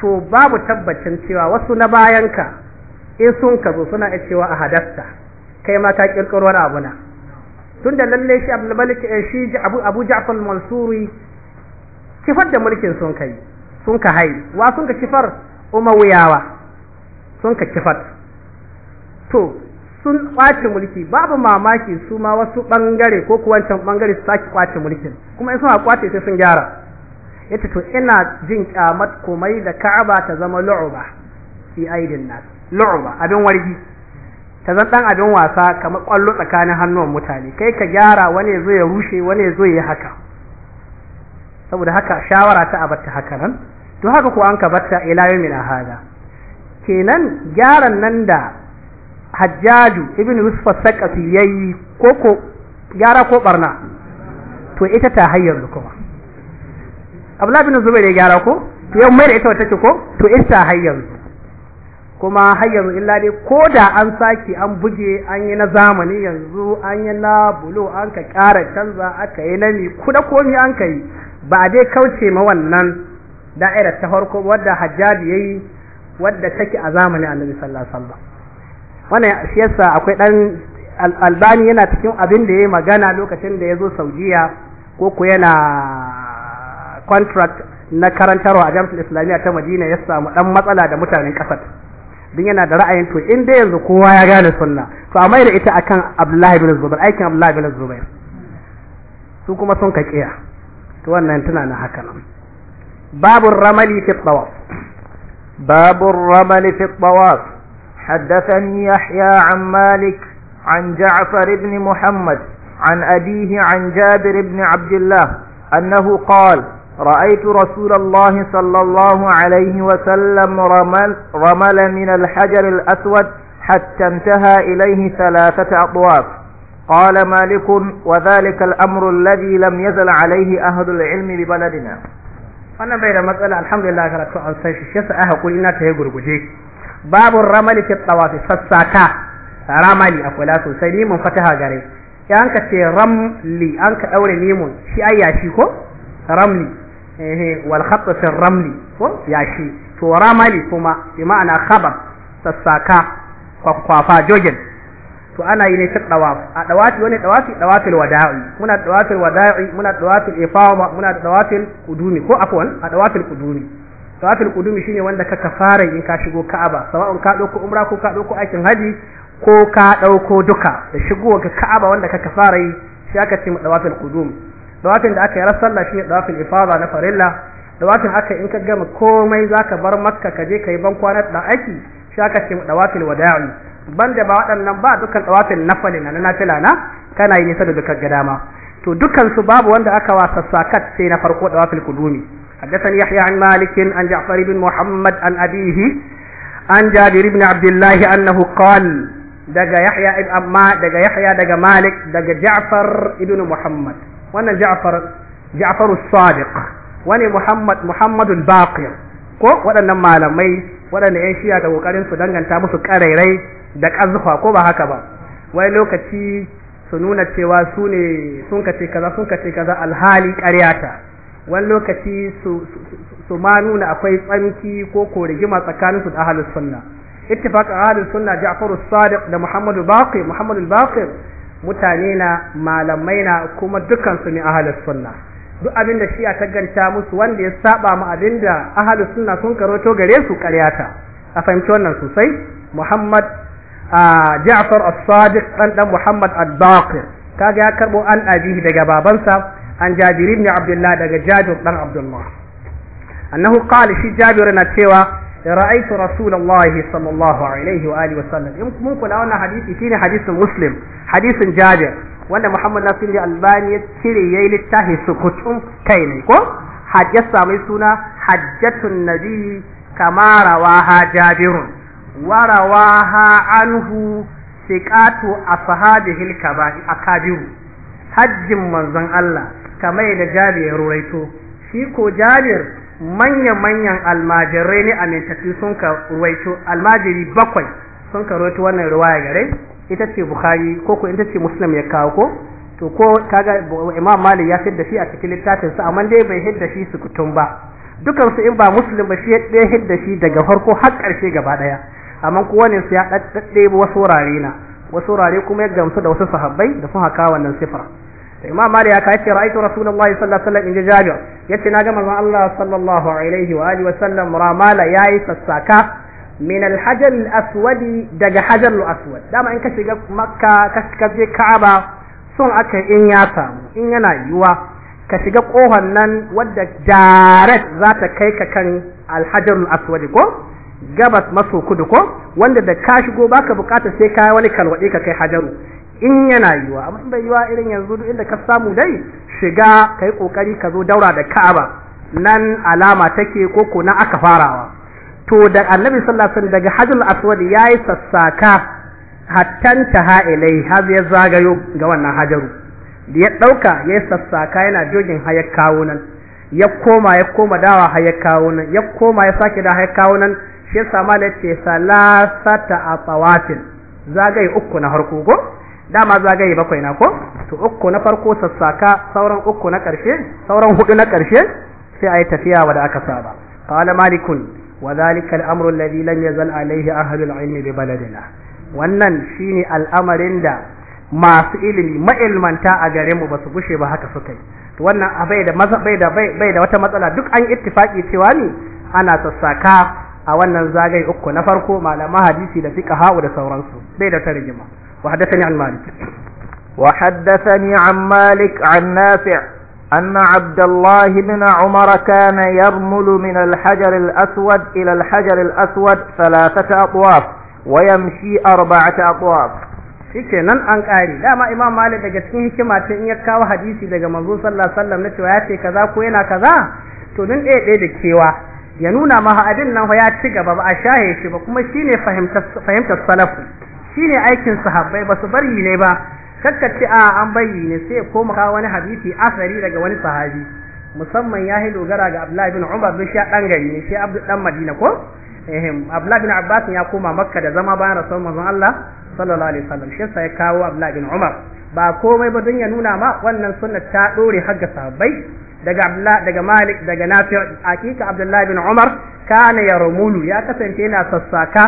S1: to babu tabbacin cewa wasu na bayanka in sun kazo suna iya cewa a hadasta kai ma ka kirkiro wani abu na tunda lalle shi Abdul Malik eh, shi Abu Abu Ja'far Mansuri kifar da mulkin sun kai sun ka hai wa sun ka kifar umawiyawa sun ka kifar to sun kwace mulki babu mamaki su ma wasu bangare ko kuwancan bangare su sake kwace mulkin kuma in suna kwace sai sun gyara yace to ina jin kyamat komai da Ka'aba ta zama lu'uba fi aidin nas lu'uba abin wargi ta zan dan abin wasa kamar kwallo tsakanin hannuwan mutane kai ka gyara wani zo ya rushe wani zo ya haka saboda haka shawara ta abatta haka nan to haka ko an ka batta ila yawmin hada kenan gyaran nan da Hajjaju ibn Yusuf as-Saqafi yayi koko gyara ko barna to ita ta hayyar kuma abla bin zubair ya gyara ko to yau mai da ita wata ce ko to ita har kuma har illa dai ko da an saki an buge an yi na zamani yanzu an yi na bulo an ka ƙara canza aka yi na mi kuda komi an ka yi ba dai kauce ma wannan da'irar ta farko wadda hajjabi ya yi wadda take a zamani annabi sallallahu alaihi wannan shi yasa akwai dan albani yana cikin abin da ya yi magana lokacin da ya zo saudiya ko ku yana contract na karantarwa a jami'ar islamiyya ta madina ya samu dan matsala da mutanen kasar din yana da ra'ayin to inda yanzu kowa ya gane sunna to amma da ita akan abdullahi bin zubair aikin abdullahi bin zubair su kuma sun kakiya to wannan tana na haka nan babu ramali fi tawaf
S2: babu ramali fi tawaf حدثني يحيى عن مالك عن جعفر بن محمد عن أبيه عن جابر بن عبد الله أنه قال رأيت رسول الله صلى الله عليه وسلم رمل, رمل من الحجر الأسود حتى انتهى إليه ثلاثة أطواف قال مالك وذلك الأمر الذي لم يزل عليه أهل العلم ببلدنا أنا بين مسألة الحمد لله على سؤال سيش الشيس أهل
S1: إنا تهجر بجيك باب الرمل في الطواف فالساكا رمل أقول سيدي سليم فتها غريب يعني أنك رملي أنك أولي نيمون شي أي شيكو رملي eh wal khatt ramli ko yashi to ramali kuma bi ma'ana khabar sassaka kwakwafa jogin to ana yi ne ta dawafi a dawafi wani dawafi dawafil wada'i muna dawafil wada'i muna dawafil ifama muna dawafil kudumi ko afwan a dawafil kudumi. dawafil kudumi shine wanda ka kafara in ka shigo Ka'aba sawa'un ka dauko umra ko ka dauko aikin haji ko ka dauko duka da shigo ga Ka'aba wanda ka kafara yi shi aka ce dawafil kudumi. dawafin da aka yi ran sallah shine dawafin ifada na farilla dawafin aka in ka gama komai zaka bar makka ka je kai ban kwana da aiki shi aka ce dawafin wada'i banda ba waɗannan ba dukkan dawafin nafali na nafila na kana yi nisa da dukkan ga dama to dukkan su babu wanda aka wasa sakat sai na farko dawafin kudumi حدثني يحيى عن مالك عن جعفر بن محمد عن أبيه عن جابر بن عبد الله أنه قال دقى يحيى ابن أما دقى يحيى دقى مالك دقى جعفر ابن محمد wannan Ja'far Ja'far sadiq wani Muhammad Muhammad baqir ko waɗannan malamai waɗanda ƴan shiya da kokarin su danganta musu karairai da ƙazufa ko ba haka ba wai lokaci su nuna cewa su ne sun kace kaza sun kace kaza alhali ƙaryata wani lokaci su su ma nuna akwai tsanki ko ko rigima tsakanin su da ahlus sunna ittifaq ahlus sunna Ja'far sadiq da Muhammad baqir Muhammad baqir mutane na malamai na kuma dukansu su ne ahalus sunna duk abin da shi'a ta ganta musu wanda ya saba mu abin da ahalus sunna sun karoto gare su karyata a fahimci wannan sosai Muhammad Ja'far as-Sadiq dan dan Muhammad al baqir kaga ya karbo an ajihi daga babansa an Jabir ibn Abdullah daga Jabir dan Abdullah annahu qala shi Jabir na cewa ra'aytu rasulullahi sallallahu alaihi wa alihi wasallam in mun kula wannan hadisi shine hadisin muslim hadisin jabir wanda muhammad nasir albani ya cire yayi littafi sukutun kai ne ko hajjar samu suna hajjatun nabi kama rawaha jabirun wa rawaha anhu siqatu ashabihi al-kabari akabiru hajjin manzon Allah kamar da jabir ya ruwaito shi ko jabir manya-manyan almajirai ne amintattu sun ka ruwaito almajiri bakwai sun ka ruwaito wannan ruwaya gare ita ce bukhari ko ko ita ce muslim ya kawo ko to ko kaga imam malik ya fidda shi a cikin littafin su amma dai bai hidda shi su kutum ba dukan su in ba muslim ba shi ya hidda shi daga farko har karshe gaba ɗaya amma kowane su ya daddade wasu wurare na wasu wurare kuma ya gamsu da wasu sahabbai da sun haka wannan sifar imam mali ya kace ra'aytu rasulullahi sallallahu alaihi wasallam inda jabir yace naga manzon Allah sallallahu alaihi wa alihi wasallam ramala yayi sassaka min al-hajar al-aswad daga hajar al-aswad dama in ka shiga makka ka je ka'aba sun aka in ya samu in yana yiwa ka shiga kohon nan wadda jaret za ta kai ka kan al-hajar al-aswad ko gabas maso kudu ko wanda da ka shigo baka bukata sai ka wani kalwadi ka kai hajaru in yana yiwa amma in bai yiwa irin yanzu duk inda ka samu dai shiga kai kokari ka zo daura da Ka'aba nan alama take ko ko aka farawa to da Annabi sallallahu alaihi wasallam daga Hajjul Aswad yayi sassaka hattan taha ilai har ya zagayo ga wannan hajaru da ya dauka yayi sassaka yana jogin hayar kawo nan ya koma ya koma dawa hayar kawo nan ya koma ya sake da hayar kawo nan shi yasa ya ce salasata a tsawatin zagaye uku na harko ko dama zagaye bakwai na ko to uku na farko sassaka sauran uku na karshe sauran hudu na karshe sai ayi tafiya wanda aka saba qala malikun wa zalika al-amru alladhi lam yazal alayhi ahlul ilmi bi baladina wannan shine al'amarin da masu ilimi ma'ilmanta a gare mu basu bushe ba haka suka yi to wannan abai da bai da bai da wata matsala duk an ittifaki cewa ne ana sassaka a wannan
S2: zagaye uku na farko malaman hadisi da fiqh da sauransu bai da tarjuma وحدثني عن مالك وحدثني عن مالك عن نافع أن عبد الله بن عمر كان يرمل من الحجر الأسود إلى الحجر الأسود ثلاثة أطواف ويمشي أربعة أطواف shike nan
S1: an kari dama imam malik daga cikin hikima ta in ya kawo hadisi daga manzo sallallahu alaihi wasallam na cewa ya ce kaza ko yana kaza to din ɗaya ɗaya da kewa ya nuna maha abin nan ya ci gaba ba a shahe shi ba kuma shine fahimtar fahimtar salafu shine aikin sahabbai ba su bari ne ba kakkace a an bari ne sai koma ka wani hadisi asari daga wani sahabi musamman ya yi dogara ga Abdullahi bin Umar bin shi dan gari ne shi Abdul dan Madina ko eh Abdullahi bin Abbas ya koma Makka da zama bayan Rasul manzon Allah sallallahu alaihi wasallam shi sai kawo Abdullahi bin Umar ba komai ba don ya nuna ma wannan sunna ta dore har sahabbai daga Abdullah daga Malik daga Nafi' akika Abdullahi bin Umar kana yarmulu ya kasance yana sassaka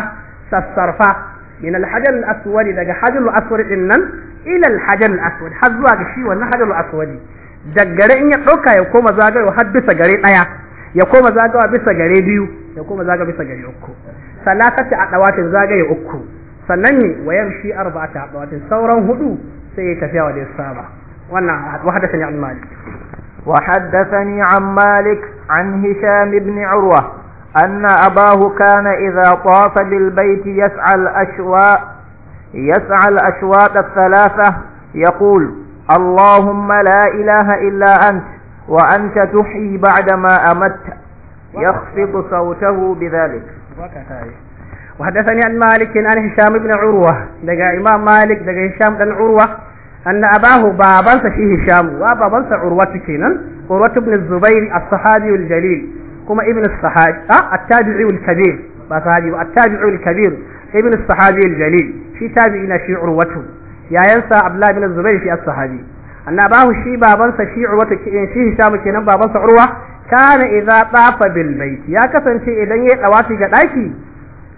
S1: sassarfa min al-hajar al daga hajar al-aswad din nan ila al-hajar al-aswad har zuwa ga shi wannan hajar al-aswad daggare in ya ɗauka ya koma zagayo har bisa gare daya ya koma zagawa bisa gare biyu ya koma zagawa bisa gare uku salatati a dawatin zagaye uku sannan ne wayar shi arba'ata a dawatin sauran
S2: hudu sai ya tafiya wa da saba wannan wahadatan ya al-malik وحدثني عن مالك عن هشام بن عروة أن أباه كان إذا طاف بالبيت يسعى الأشواق يسعى الأشواق الثلاثة يقول اللهم لا إله إلا أنت وأنت تحيي بعدما أمت يخفض صوته بذلك
S1: وحدثني عن مالك عن هشام بن عروة دقى إمام مالك دقى هشام بن عروة أن أباه بابنس في هشام وبابنس عروة كينا عروة بن الزبير الصحابي الجليل kuma ibn as-sahabi a at-tabi'i al-kabir ba sahabi ba at-tabi'i al-kabir ibn as-sahabi al-jalil shi tabi'i na shi urwatu yayansa abdullahi ibn zubair shi as-sahabi annabahu shi babansa shi urwatu eh, shi hisham kenan babansa urwa kana idza tafa bil bait ya kasance idan yayi dawafi ga daki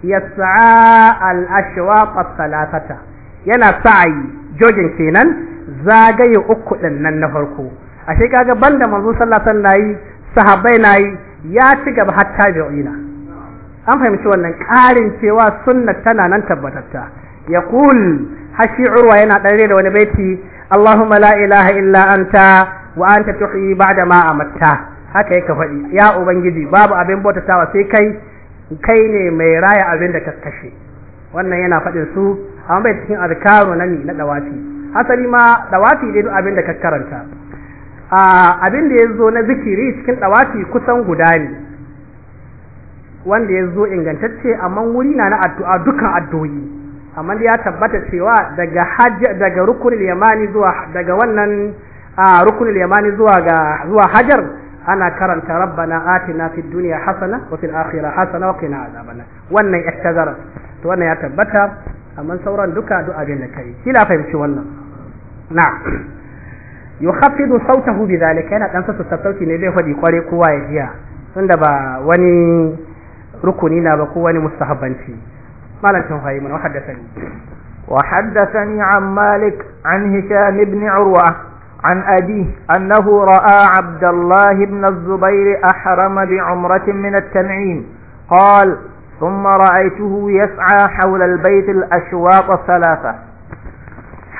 S1: yas'a al ashwaq thalathata yana sa'i jogin kenan zagaye uku din nan na farko ashe kaga banda manzo sallallahu alaihi wasallam nayi sahabbai nayi ya ci gaba bi ina an fahimci wannan ƙarin cewa sunna tana nan tabbatatta ya kul hashi urwa yana ɗare da wani baiti Allahumma la ilaha illa anta wa anta tuhyi ba'da ma amatta haka yake faɗi ya ubangiji babu abin bautatawa sai kai kai ne mai raya abin da ka kashe wannan yana faɗin su amma bai cikin alkaru na ni na dawafi asali ma ɗawafi dai duk abin da ka karanta abin da ya zo na zikiri cikin ɗawafi kusan guda ne wanda ya zo ingantacce amma wuri na na addu'a dukan addu'o'i amma ya tabbata cewa daga hajji daga rukunin yamani zuwa daga wannan rukunin yamani zuwa ga zuwa hajar ana karanta rabbana atina fid dunya hasana wa fil akhirati hasana wa qina azabannar wannan ihtazara to wannan ya tabbata amma sauran duka duk abin kai kila fahimci wannan na'am yukhaffidu sautahu bidhalika yana dan sassa sauti ne zai fadi kware kowa ya jiya tunda ba wani rukuni na ba ko wani
S2: mustahabbanci malam tawhayi mun wahaddathani وحدثني عن مالك عن هشام بن عروة عن أبيه أنه رأى عبد الله بن الزبير أحرم بعمرة من التنعيم قال ثم رأيته يسعى حول البيت الأشواط الثلاثة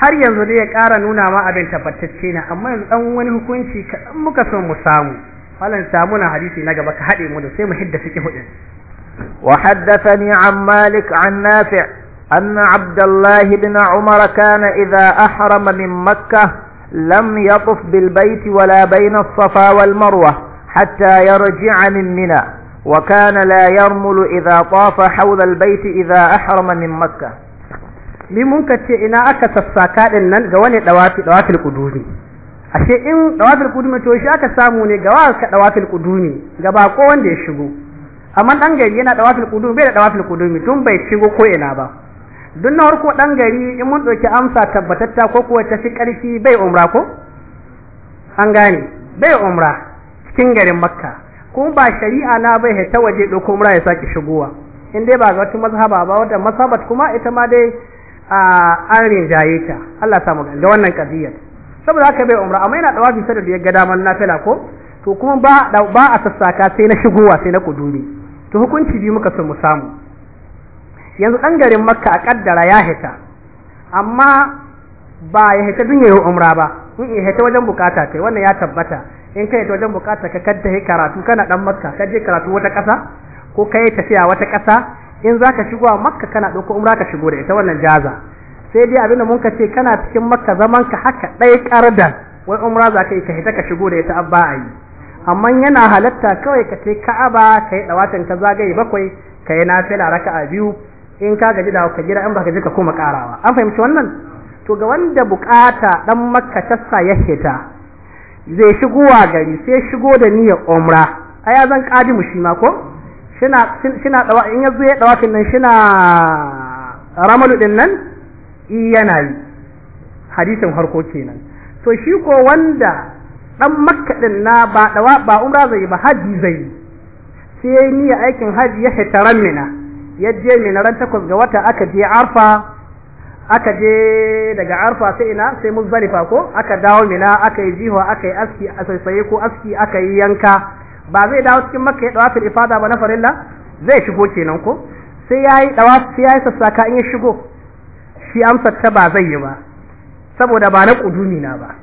S1: har yanzu dai ya ƙara nuna ma abin tabbatacce ne amma yanzu dan wani hukunci kaɗan muka so mu
S2: samu falan samu na hadisi na gaba ka hade mu da sai mu hidda suke hudin وحدثني عن مالك عن نافع أن عبد الله بن عمر كان إذا أحرم من مكة لم يطف بالبيت ولا بين الصفا والمروة حتى يرجع من منى وكان لا يرمل إذا طاف حول البيت إذا أحرم من مكة mi mun ka ce ina aka sassaka
S1: din nan ga wani dawafi dawafil ashe in dawafil ƙudumi to shi aka samu ne ga wa ka dawafil ƙudumi ga ba ko wanda ya shigo amma dan gari yana dawafil ƙudumi bai da dawafil ƙudumi tun bai shigo ko ina ba duk na farko dan gari in mun ɗauki amsa tabbatatta ko kuwa ta fi ƙarfi bai umra ko an gane bai umra cikin garin makka kuma ba shari'a na bai ta waje ɗauko umra ya sake shigowa in dai ba ga wata mazhaba ba wata mazhabat kuma ita ma dai an rinjaye ta Allah ya samu da wannan ƙaziyar. saboda haka bai umra amma yana dawafi sadar da ya ga daman nafila ko to kuma ba ba a sassaka sai na shigowa sai na kuduri to hukunci biyu muka so mu samu yanzu dan garin makka a kaddara ya hita amma ba ya hita din yayi umra ba in ya hita wajen bukata kai wannan ya tabbata in kai ta wajen bukata ka kadda karatu kana dan makka ka je karatu wata kasa ko kai tafiya wata kasa in zaka shigo a makka kana ɗauko umra ka shigo da ita wannan jaza sai dai abinda mun ka ce kana cikin makka zaman ka haka dai da wai umra za ka yi ka hita ka shigo da ita abba yi. amma yana halatta kawai ka ce ka'aba ka yi dawatin ka zagaye bakwai ka yi nafila a biyu in ka gaji da ka gida in baka ji ka koma ƙarawa. an fahimci wannan to ga wanda bukata ɗan makka tassa ya hita zai shigowa gari sai shigo da niyyar umra aya zan kadimu shi ma ko shina shina dawa in yazo ya dawa kin shina ramalu din nan yana yi hadisin harko kenan to shi ko wanda dan makka din na ba dawa ba umra zai ba haji zai sai ni aikin haji ya hitaran mina je mina ran takwas ga wata aka je arfa aka je daga arfa sai ina sai muzdalifa ko aka dawo mina aka yi jiho aka yi aski a sai ko aski aka yi yanka ba zai dawo cikin makka ya dawafil ifada ba na farilla zai shigo kenan ko sai yayi dawaf sai yayi sassaka in ya shigo shi amsa ta ba zai yi ba saboda ba na kudumi na ba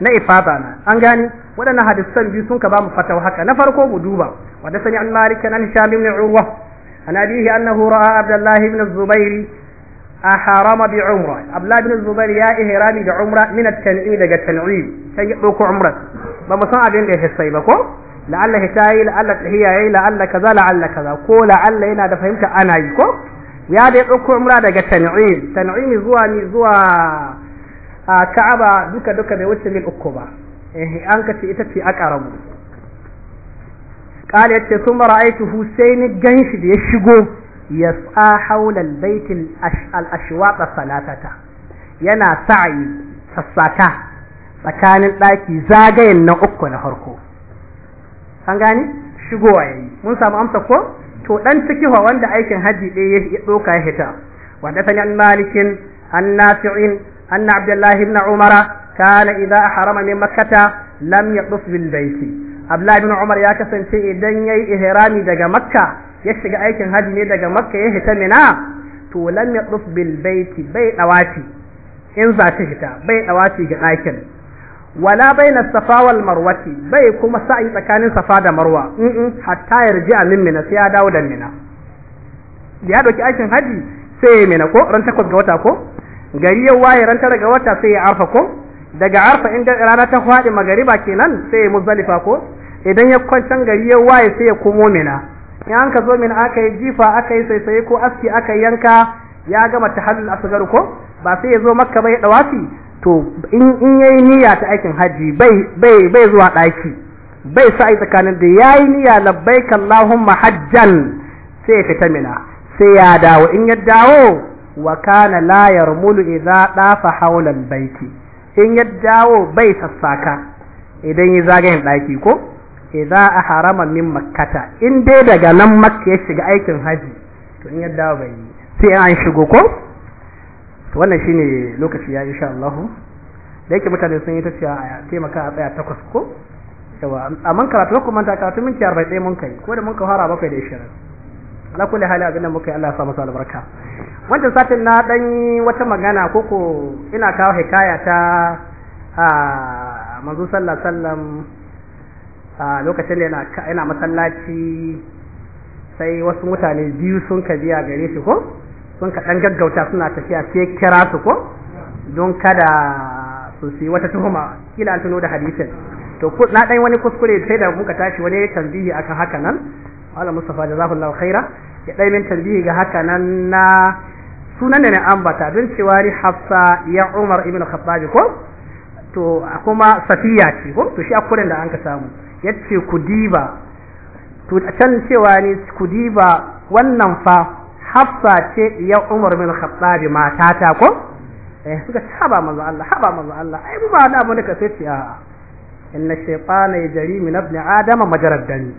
S1: na ifada na an gani waɗannan hadisan biyu sun ka ba mu fatawa haka na farko mu duba wanda sani an malik an hisham ibn urwa an abihi annahu ra'a abdullah ibn zubair a bi umra abdullah ibn zubair ya ihrami da umra min at-tan'i daga tan'i sai ya dauko umra ba mu san abin da ya sai ba ko la'alla hitayi la'alla tahiyayi la'alla kaza la'alla kaza ko la'alla yana da fahimta ana yi ko ya dai ɗauko umra daga tan'im tan'im zuwa ni zuwa a ka'aba duka duka bai wuce mil uku ba eh an kace ita ce aqrabu qala yace kuma ra'aytuhu sai ni ganshi da ya shigo yas'a hawla al-bayt al-ashwaq salatata yana sa'i sassaka tsakanin ɗaki zagayen na uku na farko an gani shigowa yayi mun samu amsa ko to dan cikiwa wanda aikin hajji ɗaya ya doka ya hita wanda tani an malikin an nafi'in an abdullahi ibn umara kana idza harama min makkata lam yaquf bil baiti abdullahi ibn umar ya kasance idan yayi ihrami daga makka ya shiga aikin hajji ne daga makka ya hita mina to lam yaquf bil baiti bai dawati in za ta hita bai dawati ga ɗakin wala bayna safa wal marwati bai kuma sa'i tsakanin safa da marwa in hatta yarji min mina sai ya dawo da mina ya doki aikin haji sai ya mina ko ran takwas ga wata ko gari ya waye ran tara ga wata sai ya arfa ko daga arfa in rana ta fadi magariba kenan sai ya muzdalifa ko idan ya kwancan gari ya waye sai ya komo mina in an ka zo mina aka yi jifa aka yi saisaye ko aski aka yanka ya gama tahallul asgar ko ba sai ya zo makka ba ya dawafi to in in yayi niyya ta aikin haji bai bai zuwa daki bai sa'i tsakanin da yayi niyya labbaik allahumma hajjan sai ya fita mina sai ya dawo in ya dawo wa kana la yarmulu idza dafa hawla albayti in ya dawo bai sassaka idan ya zagayen daki ko idza ahrama min makkata in dai daga nan makka ya shiga aikin haji to in ya dawo bai sai an shigo ko to wannan shine lokaci ya insha Allah da yake mutane sun yi ta cewa a taimaka a tsaya takwas ko yawa man karatu ko manta karatu minti 41 mun kai ko da mun ka fara bakwai da ishirin ala kulli hali abin da muka yi Allah ya sa masa albarka Wancan satin na dan wata magana ko ina kawo hikaya ta a manzo sallallahu alaihi wasallam a lokacin da yana yana masallaci sai wasu mutane biyu sun kabiya gare shi ko sun ka ɗan gaggauta suna tafiya sai kira su ko don kada su yi wata tuhuma kila an tuno da hadisin to na ɗan wani kuskure sai da muka tashi wani tambihi akan haka nan Allah Mustafa jazakallahu khaira ya ɗan min tambihi ga haka nan na sunan da na ambata don cewa ni Hafsa ya Umar ibn Khattab ko to kuma Safiya ce ko to shi akwai da an ka samu yace kudiba to can cewa ni kudiba wannan fa hafsa ce ya umar bin khattabi mata ta ko eh suka ce haba manzo Allah haba manzo Allah ai ba da mun ne ka sai ce a inna shaytana yajri min ibn adama majarad dani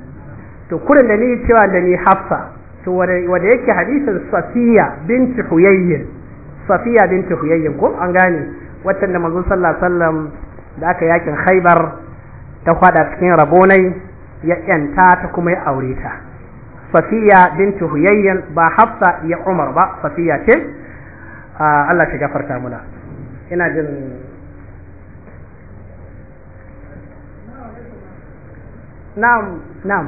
S1: to kurin da ni cewa da ni hafsa to wanda yake hadisin safiya binti huyayy safiya binti huyayy ko an gane watan da manzo sallallahu alaihi wasallam da aka yakin khaybar ta kwada cikin rabonai ya yanta ta kuma ya aure ta صفية بنت هيي با حفصة يا عمر با صفية كي آه الله تجفر كاملا هنا جل نعم نعم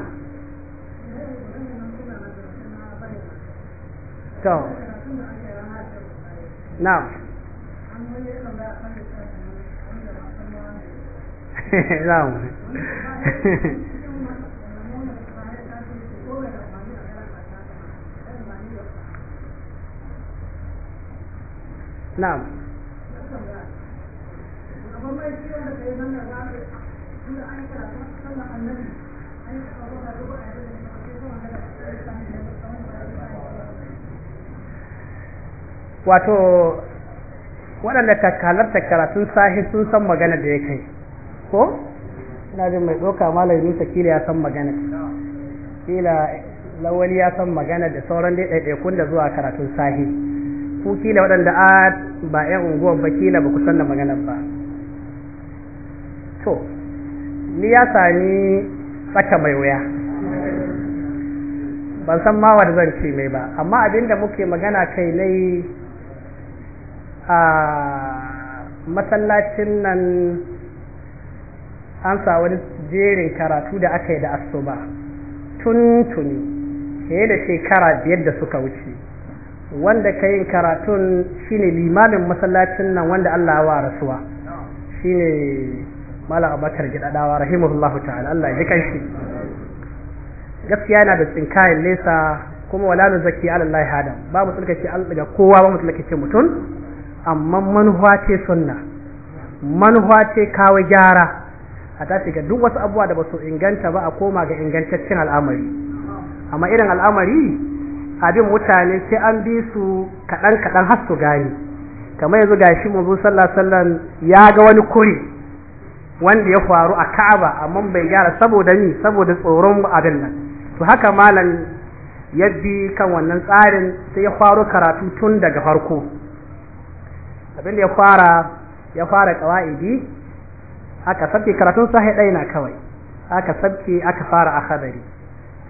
S1: نعم
S3: نعم
S1: نعم wato waɗanda ka halarta karatun sahi sun san magana da ya kai ko ina jin mai ɗauka malam yusa kila ya san magana kila lawali ya san magana da sauran dai ɗaiɗaikun da zuwa karatun sahi ku kila waɗanda a ba 'yan unguwar ba kila ba ku da maganar ba to ni ya sami tsaka mai wuya ban san ma wanda zan ce mai ba amma abinda muke magana kai nai a masallacin nan an sa wani jerin karatu da aka yi da asuba tun tuni da shekara biyar da suka wuce wanda ka yin karatun shine limamin masallacin nan wanda Allah wa rasuwa shine Malam Abubakar Gidadawa rahimahullahu ta'ala Allah ya kan shi gaskiya yana da tsinkayen nesa kuma wala nu zaki ala Allah hada ba mu tsulkace Allah daga kowa ba mu tsulkace mutum amma manuwa ce sunna manuwa ce kawo gyara a tashi ga duk wasu abubuwa da ba su inganta ba a koma ga ingantaccen al'amari amma irin al'amari abin mutane sai an bi su kaɗan kaɗan har su gani kamar yanzu gashi manzo sallallahu alaihi ya ga wani kuri wanda ya faru a Ka'aba amma bai gyara saboda ni saboda tsoron abin nan to haka malam ya bi kan wannan tsarin sai ya faro karatu tun daga farko abin da ya fara ya fara qawaidi aka sabke karatun sahi ɗaya na kawai aka sabke aka fara akhadari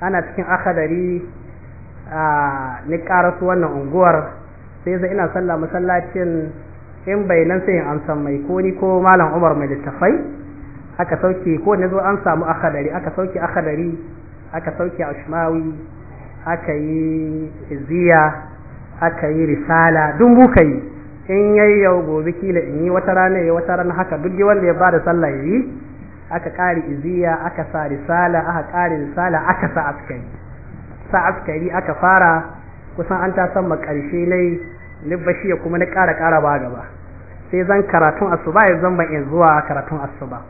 S1: ana cikin akhadari ni karasu wannan unguwar sai sai ina sallah masallacin in bai nan sai in amsa mai ko ni ko malam Umar mai littafai aka sauke ko ne zo an samu akadari aka sauke akadari aka sauke ashmawi aka yi ziya aka yi risala dun buka yi in yayi yau gobe kila in yi wata rana ya wata rana haka duk wanda ya bada sallah yayi aka kare iziya aka sa risala aka kare risala aka sa askari sa askari aka fara kusan an ta san makarshe ne libbashi ya kuma na ƙara ƙara ba gaba sai zan karatun asuba ya zan ban in zuwa karatun asuba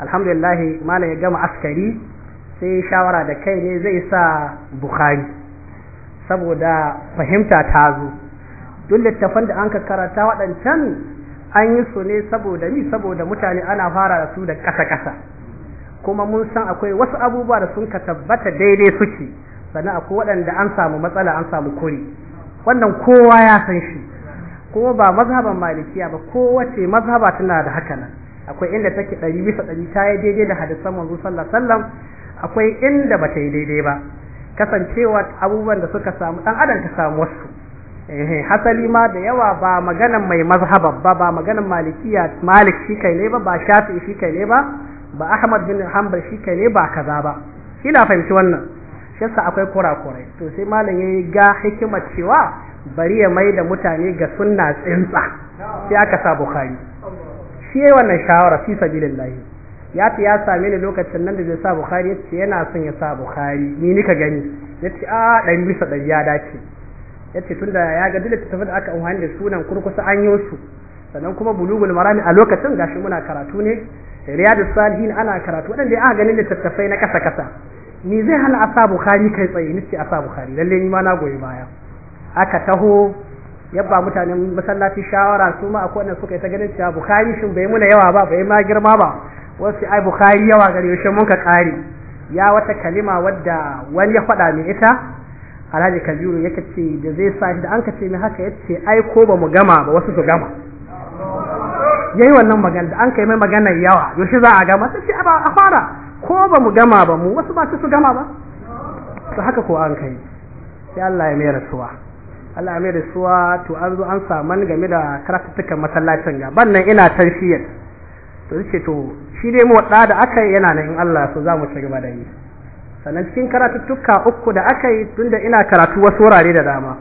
S1: alhamdulillah malam ya gama askari sai shawara da kai ne zai sa bukhari saboda fahimta ta zo duk littafan da an ka karata waɗancan an yi su ne saboda ni saboda mutane ana fara da su da ƙasa-ƙasa kuma mun san akwai wasu abubuwa da sun ka tabbata daidai suke sannan akwai waɗanda an samu matsala an samu kuri wannan kowa ya san shi ko ba mazhaban malikiya ba kowace mazhaba tana da haka nan akwai inda take ɗari bisa ɗari ta yi daidai da hadisan manzo sallallahu alaihi akwai inda ba ta yi daidai ba kasancewa abubuwan da suka samu ɗan adam ka samu wasu hasali ma da yawa ba maganan mai mazhaban ba ba maganan malikiya malik shi kai ne ba ba shafi shi kai ne ba ba ahmad bin hanbal shi kai ne ba kaza ba kila fahimci wannan yasa akwai kurakurai to sai malam yi ga hikimar cewa bari ya mai da mutane ga sunna tsintsa sai aka sa bukhari shi yi wannan shawara fi sabilillahi ya fi ya same ni lokacin nan da zai sa bukhari yace yana son ya sa bukari ni nika gani ce a ɗan bisa ɗan ya dace yace tunda ya ga dole tafi da aka umarni da sunan kurkusa an yi su sannan kuma bulugul marami a lokacin gashi muna karatu ne riyadus salihin ana karatu wadanda aka ganin littattafai na kasa kasa ni zai hana a sa bukhari kai tsaye ni ce a sa bukhari lalle ni ma na goyi baya aka taho yabba mutanen masallaci shawara su ma akwai wanda suka yi ta ganin cewa bukari shin bai muna yawa ba bai ma girma ba wasu ai bukari yawa gare shi mun ka kare ya wata kalima wadda wani ya faɗa mai ita alhaji kabiru yake ce da zai sa da an ka ce mai haka yace ai ko ba mu gama ba wasu su gama yayi wannan magana da an kai mai magana yawa yaushe za a gama sai a fara ko ba mu gama ba mu wasu ba su gama ba to haka ko an kai sai Allah ya mai suwa. Allah ya mai suwa to an zo an saman game da karatuttukan masallacin ga nan ina tarfiyar to ce to shi dai mu da da aka yana nan in Allah so za mu ci gaba da yi sannan cikin karatuttuka uku da aka yi tunda ina karatu wasu wurare da dama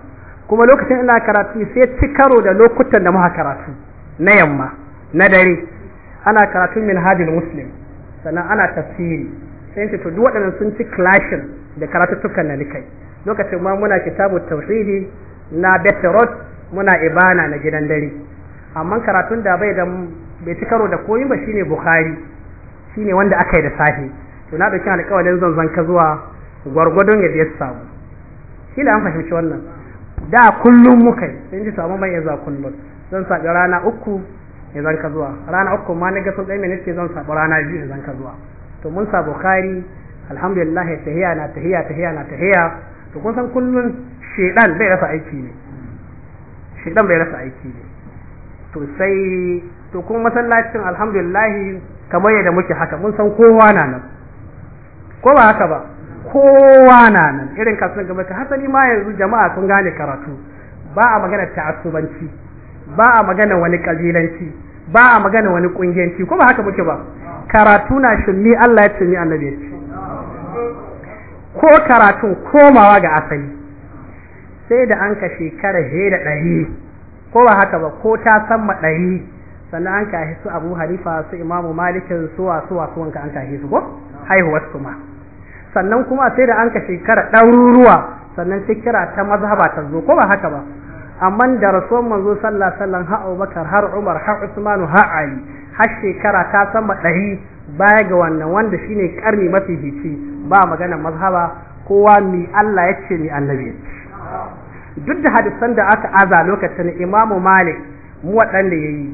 S1: kuma lokacin ina karatu sai ci karo da lokutan da muka karatu na yamma na dare ana karatu min hajjin muslim sannan ana tafsiri sai ce to duk waɗannan sun ci clashin da karatuttukan na nikai lokacin ma muna kitabu tauhidi na Betrot muna ibana na gidan dare amma karatun da bai da bai ci karo da koyi ba shine Bukhari shine wanda aka yi da safe. to na dauki alƙawarin zanzan ka zuwa gwargwadon ya ya samu shi da an fahimci wannan da kullum muka sai ji samu mai yaza kullum zan sa rana uku ne zan ka zuwa rana uku ma na ga sun ɗaya minit zan sabu rana biyu ne zan ka zuwa to mun sa bukari alhamdulillah tahiya na tahiya tahiya na tahiya to kun san kullun shedan bai rasa aiki ne shedan bai rasa aiki ne to sai to kun masallacin alhamdulillah kamar yadda muke haka mun san kowa na nan ko ba haka ba kowa na nan irin kasuwan gaba ka hasali ma yanzu jama'a sun gane karatu ba a magana ta asubanci. ba a magana wani kabilanci ba a magana wani kungiyanci ko ba haka muke ba karatu na shirmi Allah ya ni annabi ya ce ko karatun komawa ga asali sai da an ka shekara he da ɗari ko ba haka ba ko ta san ma ɗari sannan an kashe su abu harifa su imamu malikin wa su wanka an kashe su ko haihuwar su ma sannan kuma sai da an ka shekara ɗaruruwa sannan sai kira ta mazhaba ta zo ko ba haka ba amma da rasuwan manzo sallallahu sallan ha Abubakar har Umar har Usmanu ha Ali har shekara ta sama ɗari baya ga wannan wanda shine karni mafi hici ba magana mazhaba kowa mi Allah ya ce mi annabi duk da hadisan da aka aza lokacin Imam Malik mu waɗanda yayi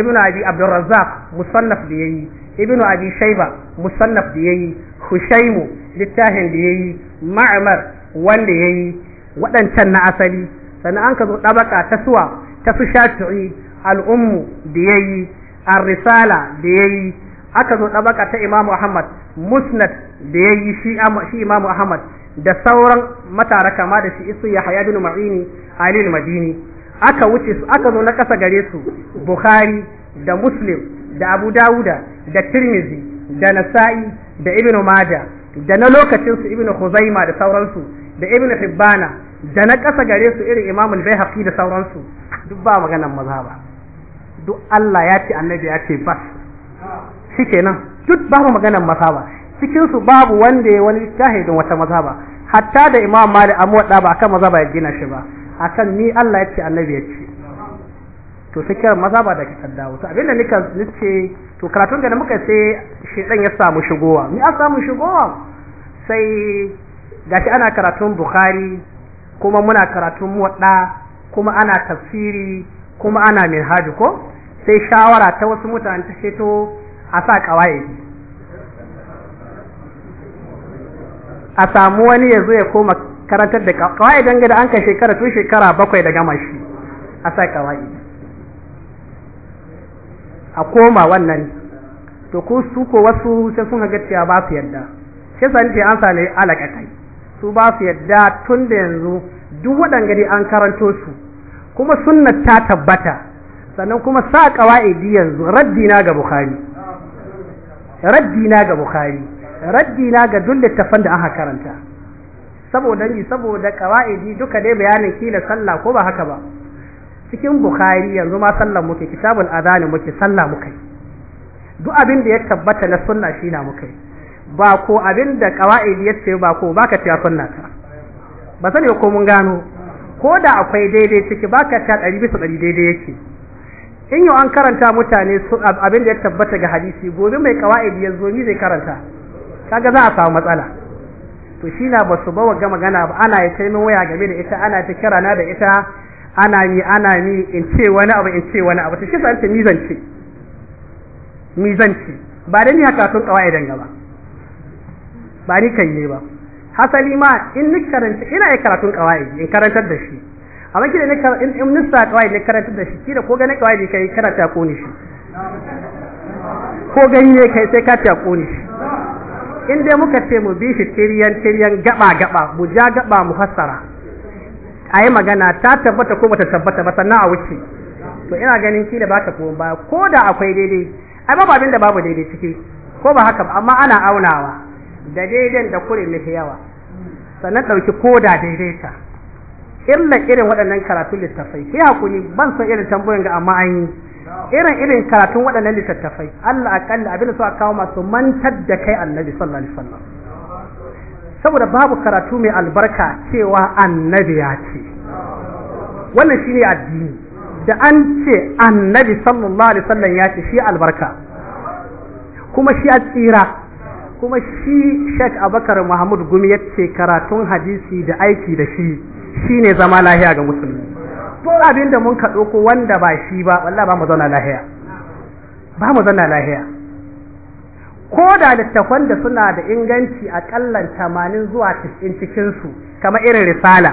S1: Ibn Abi Abdurrazzaq musannaf da yayi Ibn Abi Shayba musannaf da yayi Hushaimu littafin da yayi Ma'mar wanda yayi waɗancan na asali sannan an ka zo ɗabaka ta suwa ta fi shafi'i al'ummu da ya yi arisala da ya yi aka zo ɗabaƙa ta imamu ahmad musnad da ya yi shi imamu ahmad da sauran matara kama da shi isu ya haya bin ma'ini alil madini aka wuce su aka zo na ƙasa gare su bukhari da muslim da abu dawuda da tirmizi da nasa'i da ibnu maja da na lokacinsu ibnu khuzaima da sauransu da ibnu hibbana da na ƙasa gare su irin imamul bai da sauransu duk ba maganan maza ba duk Allah ya ce annabi ya ce bas shi kenan duk babu maganan maza ba cikin su babu wanda ya wani shahidin wata maza ba hatta da imam malik amu wadda ba akan maza ba ya gina shi ba akan ni Allah ya ce annabi ya ce to sai maza ba da ka dawo to abinda nika nace to karatun da muka sai shedan ya samu shigowa ni a samu shigowa sai gashi ana karatun bukhari kuma muna karatun muwadda kuma ana tafsiri kuma ana haji ko sai shawara ta wasu mutane ta sheto a sa kawaye a samu wani ya zo ya koma karantar da kawaye don gada an ka shekara tun shekara bakwai da gama shi a sa kawaye a koma wannan to ko su ko wasu sai sun ga cewa ba su yadda sai san ce an sale alaka kai su ba su yadda tun da yanzu duk waɗanga dai an karanto su kuma suna ta tabbata sannan kuma sa qawaidi yanzu raddina ga bukhari raddina ga bukhari raddina ga duk littafan da aka karanta saboda ni saboda qawaidi duka dai bayanin kila sallah ko ba haka ba cikin bukhari yanzu ma sallah muke kitabul adhan muke sallah muke duk abin da ya tabbata na sunna shi na muke ba ko abin da qawaid ya ce ba ko baka cewa sunna ta ba sani ko mun gano ko da akwai daidai ciki baka cewa dari bisa dari daidai yake in yau an karanta mutane su abin da ya tabbata ga hadisi gobe mai qawaid ya zo ni zai karanta kaga za a samu matsala to shi na ba su bawa ga magana ba ana ya taimin waya game da ita ana ta kira na da ita ana ni ana ni in ce wani abu in ce wani abu to shi sa ta mizance mizance, ba dai ni haka sun kawai danga ba ba ni kan yi ba hasali ma in ni karanta ina yi karatun kawai in karantar da shi amma kida da ni in nista kawai ni karantar da shi kida ko gane kawai ne kai karanta ko ni shi ko ganye kai sai ka ta ko ni shi in dai muka ce mu bi shi tiriyan tiriyan gaba gaba mu ja gaba mu a ayi magana ta tabbata ko bata tabbata ba sannan a wuce to ina ganin kila baka ko ba ko da akwai daidai ai babu abin da babu daidai ciki ko ba haka ba amma ana aunawa da daidan da kure mai yawa sannan ɗauki koda daidaita illa irin waɗannan karatun littattafai sai hakuri ban san irin tambayoyin ga amma an yi irin irin karatun waɗannan littattafai Allah akalla abin da suka kawo masu mantar da kai annabi sallallahu alaihi wasallam saboda babu karatu mai albarka cewa annabi ya ce wannan shine addini da an ce annabi sallallahu alaihi wasallam ya ce shi albarka kuma shi a tsira kuma shi Sheikh Abakar Mahmud Gumi yace karatun hadisi da aiki da shi shine zama lahiya ga musulmi to abin da mun kaɗo ko wanda ba shi ba wallahi ba mu zauna lahiya ba mu zauna lahiya ko da littafan da suna da inganci akallan 80 zuwa 90 cikin su kamar irin risala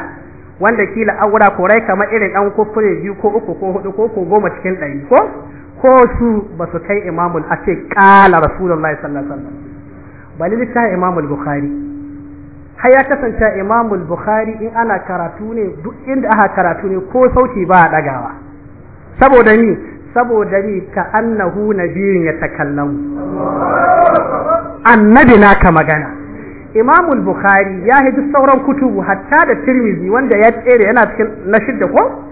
S1: wanda kila aura korai kamar irin dan kufure biyu ko uku ko hudu ko ko goma cikin ɗari ko ko su ba su kai imamul a ce ƙala rasulullahi sallallahu alaihi wasallam bali littafin imamul bukhari har ya kasance imamul bukhari in ana karatu ne duk inda aka karatu ne ko sauti ba a dagawa saboda ni saboda ni ka annahu nabiyin ya takallamu annabi naka magana imamul bukhari ya duk sauran kutubu hatta da tirmizi wanda ya tsere yana cikin na shidda ko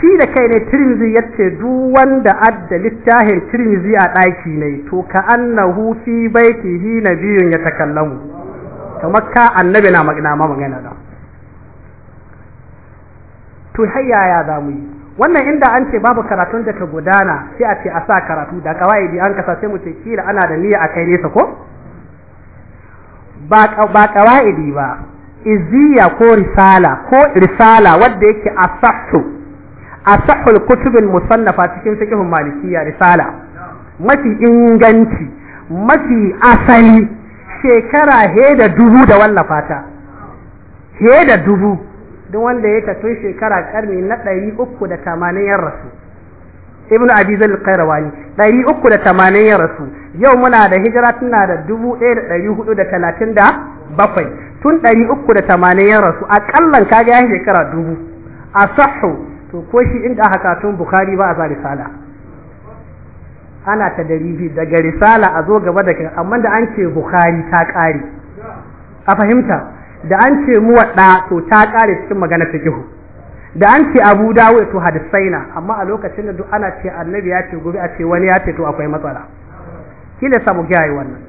S1: shi da kai ne tirmizi ya ce duk wanda adda littafin tirmizi a ɗaki ne to ka annahu fi baitihi nabiyun ya takallamu kamar ka annabi na magana ma magana da to hayya ya zamu yi wannan inda an ce babu karatun da ka gudana sai a ce a sa karatu da kawaidi an kasa sai mu ce kila ana da niyya a kai nesa ko ba ba ba iziya ko risala ko risala wanda yake asahhu A sahul kutubin musannafa cikin fiqhul malikiyya risala mafi inganci mafi asali shekara he da dubu da wallafa ta he da dubu Duk wanda ya tafi shekara karni na ɗari uku da tamanin rasu ibnu Abiz al qayrawani ɗari uku da tamanin rasu yau muna da hijira tana da dubu ɗaya da ɗari da talatin da bakwai tun ɗari uku da tamanin rasu aƙallan kaga ya shekara dubu a sahu to ko shi inda aka tun bukhari ba a za risala ana ta dariji daga risala a zo gaba da amma da an ce bukhari ta kare a fahimta da an ce muwadda to ta kare cikin magana kihu da an ce abu dawo to hadisaina amma a lokacin da duk ana ce annabi ya ce gobe a ce wani ya ce to akwai matsala kila samu kiyaye wannan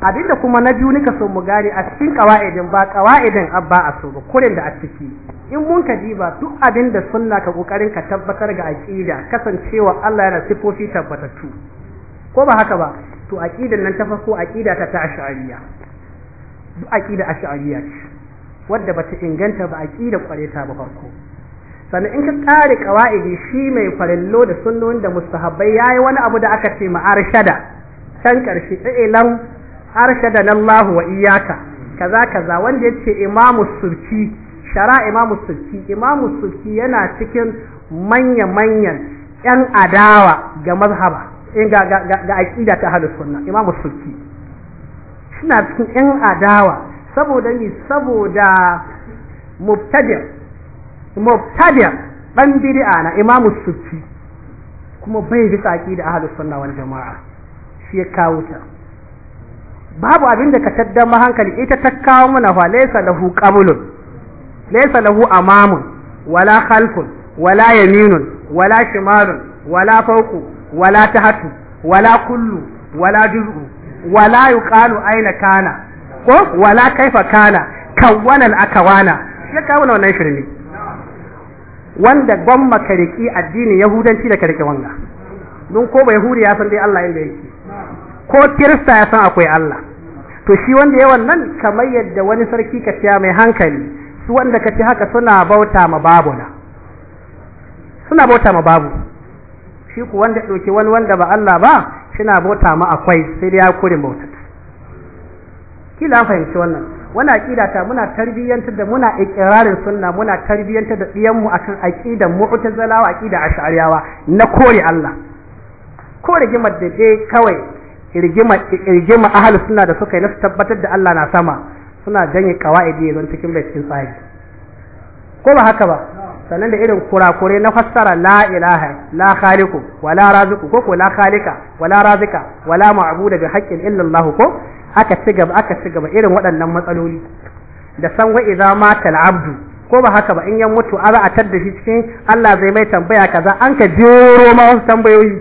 S1: abinda kuma na biyu nika so mu gane a cikin kawa'idin ba kawa'idin abba a so ba kurin da a ciki in mun ka diba duk abinda sunna ka kokarin ka tabbatar ga aqida kasancewa Allah yana sifofi tabbatattu ko ba haka ba to aqidan nan ta farko aqida ta ta ta'ashariya duk aqida ash'ariyya ce wadda bata inganta ba aqida kwareta ba farko sannan in ka kare kawa'idi shi mai farallo da sunnon da mustahabbai yayi wani abu da aka ce ma'arshada can karshe ilan arshadana Allah wa iyyaka kaza kaza wanda yace imamu sulki shara imamu sulki imamu sulki yana cikin manya manyan ƴan adawa ga mazhaba in eh, ga ga aqida ta ahlus sunna imamu sulki suna cikin ƴan adawa saboda ni saboda mubtadi mubtadi dan bid'a na imamu sulki kuma bai bisa aqida ahlus sunna wal jamaa shi ya kawo ta babu abin da ka taddan hankali ita ta kawo mana fa laysa lahu qablun laysa lahu amamun wala khalfun wala yaminun wala shimalun wala fawqu wala tahatu wala kullu wala juz'u wala yuqalu aina kana ko wala kaifa kana kawwana akawana ya kawo wannan shirme wanda gwamma kariki addini yahudanci da karike wanga don ko bai yahudi ya san dai Allah inda yake ko kirista ya san akwai Allah to shi wanda yawan nan kamar yadda wani sarki ka ciya mai hankali su wanda ka ci haka suna bauta ma babu na suna bauta ma babu shi ku wanda ɗauki wani wanda ba Allah ba suna bauta ma akwai sai dai ya kurin bauta kila an fahimci wannan wani aƙida ta muna tarbiyyantar da muna ikirarin sunna muna tarbiyyantar da ɗiyanmu akan aƙidan mu'tazilawa aƙida ash'ariyawa na kore Allah kore gimar da dai kawai irgima irgima suna da suka yi na tabbatar da Allah na sama suna janye qawaidi zan cikin bai cikin tsari ko ba haka ba sannan da irin kurakure na fassara la ilaha la khaliqu wala raziqu ko ko la khaliqa wala razika wala ma'budu bi haqqin illa Allah ko aka ci gaba aka ci gaba irin waɗannan matsaloli da san wa idza mata al-abdu ko ba haka ba in ya mutu a za a tadda shi cikin Allah zai mai tambaya kaza an ka jero ma wasu tambayoyi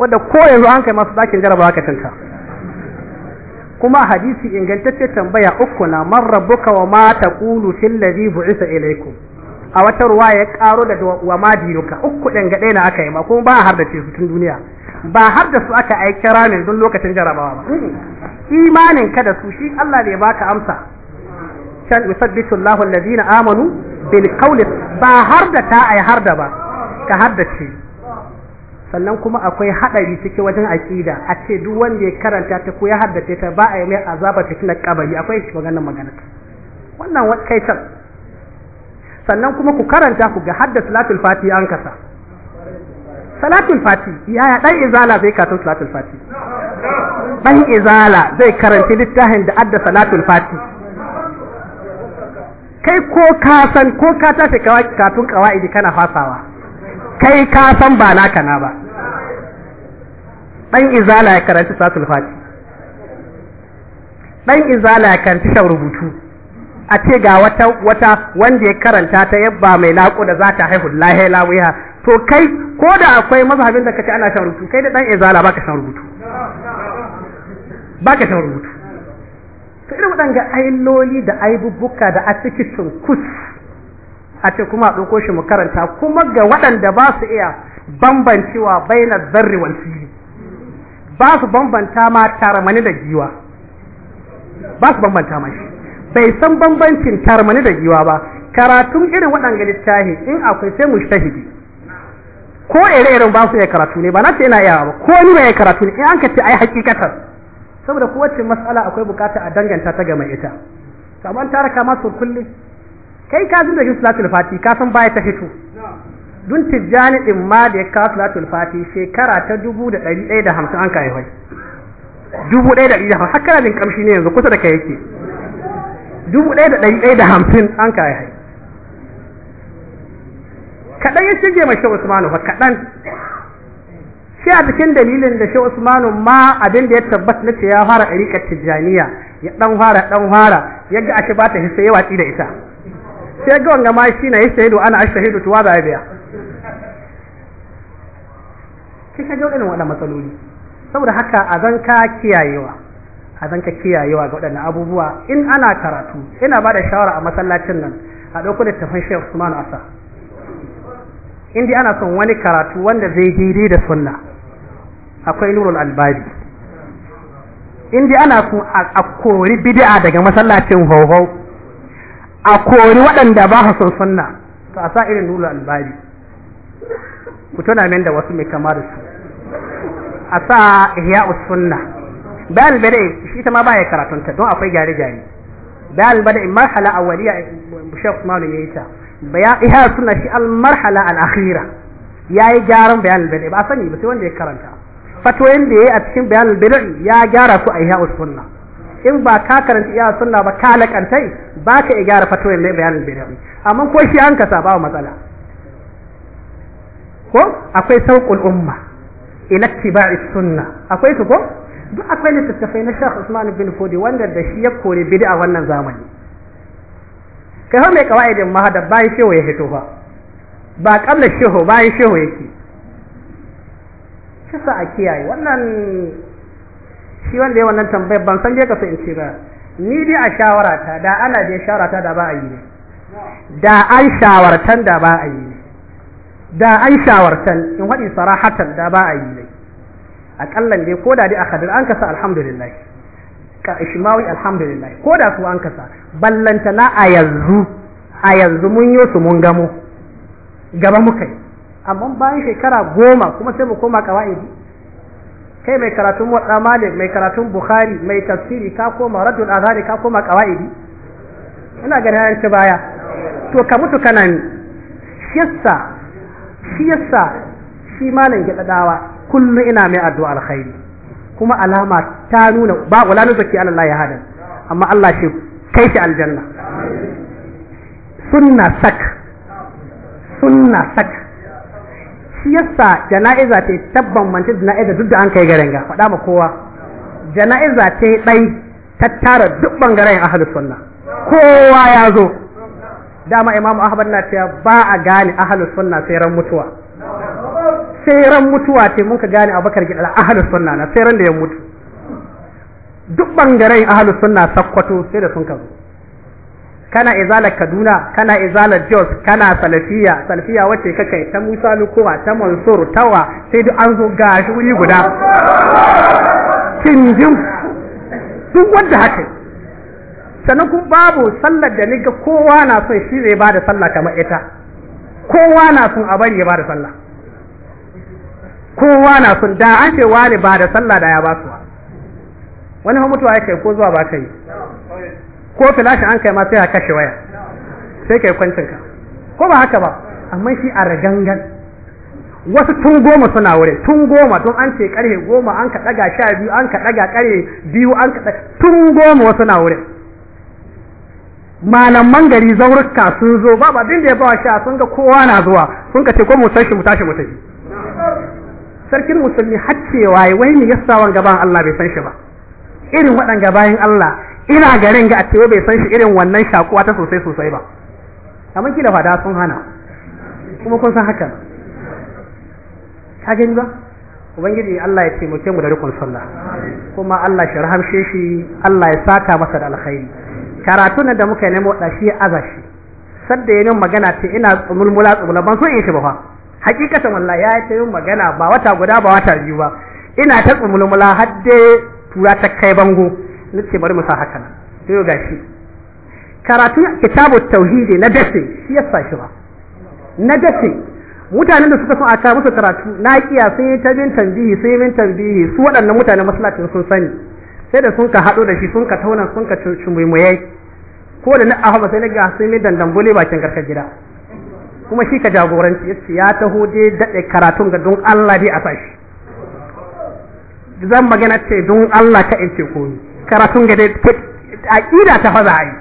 S1: wadda ko yanzu an kai masu dakin jaraba ka kanka kuma hadisi ingantacce tambaya uku na man rabbuka wa ma taqulu fil ladhi bu'itha ilaykum a wata ruwa ya karo da wa ma diruka uku din ga na aka yi ma kuma ba har da ce su tun duniya ba har da su aka aika kiramin don lokacin jarabawa ba imanin ka da su shi Allah ne baka amsa can yusabbitu Allahu alladhina amanu bil qawli ba har da ta ai har da ba ka har da ce sannan kuma akwai haɗari cikin wajen aqida a ce duk wanda ya karanta ta ko ya haddace ta ba a yi mai azaba ta kina kabari akwai shi maganar magana wannan wata kai san. sannan kuma ku karanta ku ga hadda salatul fati an kasa salatul fati yaya dan izala zai kato salatul fati dan izala zai karanta littafin da adda salatul fati kai ko ka san ko ka kawai kafin kawai kana fasawa kai ka san ba naka na ba dan izala ya karanci satul fati dan izala ya karanci shan rubutu a ce ga wata wata wanda ya karanta ta yabba mai lako da za ta haihu lahe lawiha to kai ko da akwai mazhabin da kace ana shan rubutu kai da dan izala baka shan rubutu baka shan rubutu to irin wadanga ailoli da aibubbuka da a cikin kus a ce kuma a ɗauko shi mu karanta kuma ga waɗanda ba su iya bambancewa baina zarri wal fili ba su bambanta ma taramani da giwa ba su bambanta ma shi bai san bambancin taramani da giwa ba karatun irin waɗanda littafi in akwai sai hidi ko ire-iren ba su iya karatu ne ba na ce yana iya ba ko ni ba iya karatu ne in an kace ai hakikatar saboda kowace matsala akwai bukata a danganta ta gama ita kamar tara kama su kulli kai ka san da shi salatul fati ka san baya ta fito dun tijjani din ma da ya kawo salatul fati shekara ta dubu da ɗari ɗaya da hamsin an kai wai dubu ɗaya da ɗari da hamsin har kana jin kamshi ne yanzu kusa da kai yake dubu ɗaya da ɗari ɗaya da hamsin an kai hai kaɗan ya shige mai shehu usmanu ba kaɗan shi a cikin dalilin da shehu usmanu ma abin da ya tabbata na ce ya fara ɗariƙar tijjaniya ya ɗan fara ɗan fara yadda ashe ba ta hissa yawa da ita sai ga wanga ma shi na yi shahidu ana shahidu tuwa za a biya sai ka ga waɗannan waɗannan matsaloli saboda haka a zan ka kiyayewa a zan ka kiyayewa ga waɗannan abubuwa in ana karatu ina ba da shawara a masallacin nan a ɗauko da tafan shi Usman Asa in dai ana son wani karatu wanda zai daidai da sunna akwai nurul albabi in dai ana son a kori bid'a daga masallacin hauhau a kori waɗanda ba su son sunna to a sa irin nulu albari ku tuna min da wasu mai kama da su a sa ihya sunna bayan albari shi ta ma baya karatunta don akwai gyare gyare bayan albari marhala awwaliya shek malu ya yi ta bayan ihya sunna shi al marhala al akhira yayi gyaran bayan albari ba sani ba sai wanda ya karanta fatoyin da yayi a cikin bayan albari ya gyara ku a ihya sunna in ba ka karanta iya sunna ba ka lakantai ba ka iya gyara fatuwar mai bayanin bidawi amma ko shi an kasa ba matsala ko akwai sauƙul umma ila tibai sunna akwai su ko duk akwai littattafai na shafi Usman bin Fodi wanda da shi ya kore a wannan zamani kai hau mai kawaidin mahadar bayan shehu ya hito ba ba kabla shehu bayan shehu yake sa a kiyaye wannan shi wanda ya wannan tambayar ban san je ka so in ce ba ni dai a shawarata da ana je shawarata da ba a yi ne da an shawartan da ba a yi ne da an shawartan in waɗi sarahatan da ba a yi ne a ƙallan dai ko da dai a hadir an kasa alhamdulillah ka ishmawi alhamdulillah ko da su an kasa na a yanzu a yanzu mun yi su mun gamo gaba muka yi amma bayan shekara goma kuma sai mu koma kawai kai mai karatun wadda malik mai karatun bukhari mai tafsiri ka koma radul azhari ka koma qawaidi ina ganin an ci baya to ka mutu kana ni shiyassa shiyassa shi malam gidadawa kullu ina mai addu'a alkhairi kuma alama ta nuna ba wala nuzaki Allah ya hada amma Allah shi kai shi aljanna sunna sak sunna sak shi yasa jana'iza ta tabban manci jana'iza duk da an kai garen ga faɗa ma kowa jana'iza ta yi ɗai ta tara duk bangaren ahlus sunna kowa ya zo dama imam ahmad na cewa ba a gane ahlus sunna sai ran mutuwa sai ran mutuwa ce mun ka gane abakar gidala ahlus sunna na sai ran da ya mutu duk bangaren ahlus sunna sakkwato sai da sun ka zo kana izalar kaduna kana izalar jos kana salafiya salafiya wacce kake ta musa lukuwa ta mansur tawa sai duk an zo ga shi wuri guda kinjin duk wanda haka sannan kuma babu sallar da ga kowa na son shi zai ba da sallah kamar ita kowa na son a bari ya ba da sallah kowa na son da an ce wani ba da sallah da ya ba su wani mutuwa ya kai ko zuwa ba kai ko filashi an kai ma sai a kashe waya sai kai kwancin ka ko ba haka ba amma shi a ragangan wasu tun goma suna wurin tun goma tun an ce karhe goma an ka daga sha biyu an ka daga karhe biyu an ka daga tun goma wasu na wurin malaman gari zaurukka sun zo ba ba din da ya bawa sha sun ga kowa na zuwa sun ka ce ko mu tashi mu tashi mu tafi sarkin musulmi har cewa wai ne yasa wanga gaban Allah bai san shi ba irin waɗanga bayan Allah ina garin ga a cewa bai san shi irin wannan shakuwa ta sosai sosai ba amma kila fada sun hana kuma kun san haka ka gani ba ubangiji Allah ya taimake mu da rikon sallah kuma Allah shi rahamshe shi Allah ya saka masa da alkhairi karatun da muka nemo da shi azashi sadda yayin magana ce ina tsumulmula tsumula ban so in shi ba fa hakikatan wallahi ya ta yin magana ba wata guda ba wata biyu ba ina ta tsumulmula har dai tura ta kai bango nace bari mu sa haka nan sai ga gashi karatu kitabu tauhidi na dace shi ya sashi ba na dace mutanen da suka so a ka musu karatu na kiya sun yi ta bin tambihi sun yi bin tambihi su waɗannan mutanen masalacin sun sani sai da sun ka haɗo da shi sun ka tauna sun ka cumuimuyai ko da na ahaba sai na ga sun yi dandambole bakin garkar gida kuma shi ka jagoranci ya ce ya taho dai daɗe karatun ga don Allah dai a sashi zan magana ce don Allah ka in ce komi karatun ga dai aƙida ta fa za a yi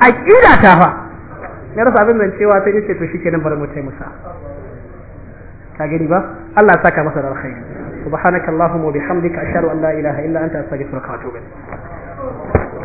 S1: aƙida ta fa na rasa abin zan cewa sai nace to nan bari mu taimusa ka gani ba Allah saka masa da alkhairi subhanakallahumma wa bihamdika ashhadu an la ilaha illa anta astaghfiruka wa atubu ilaik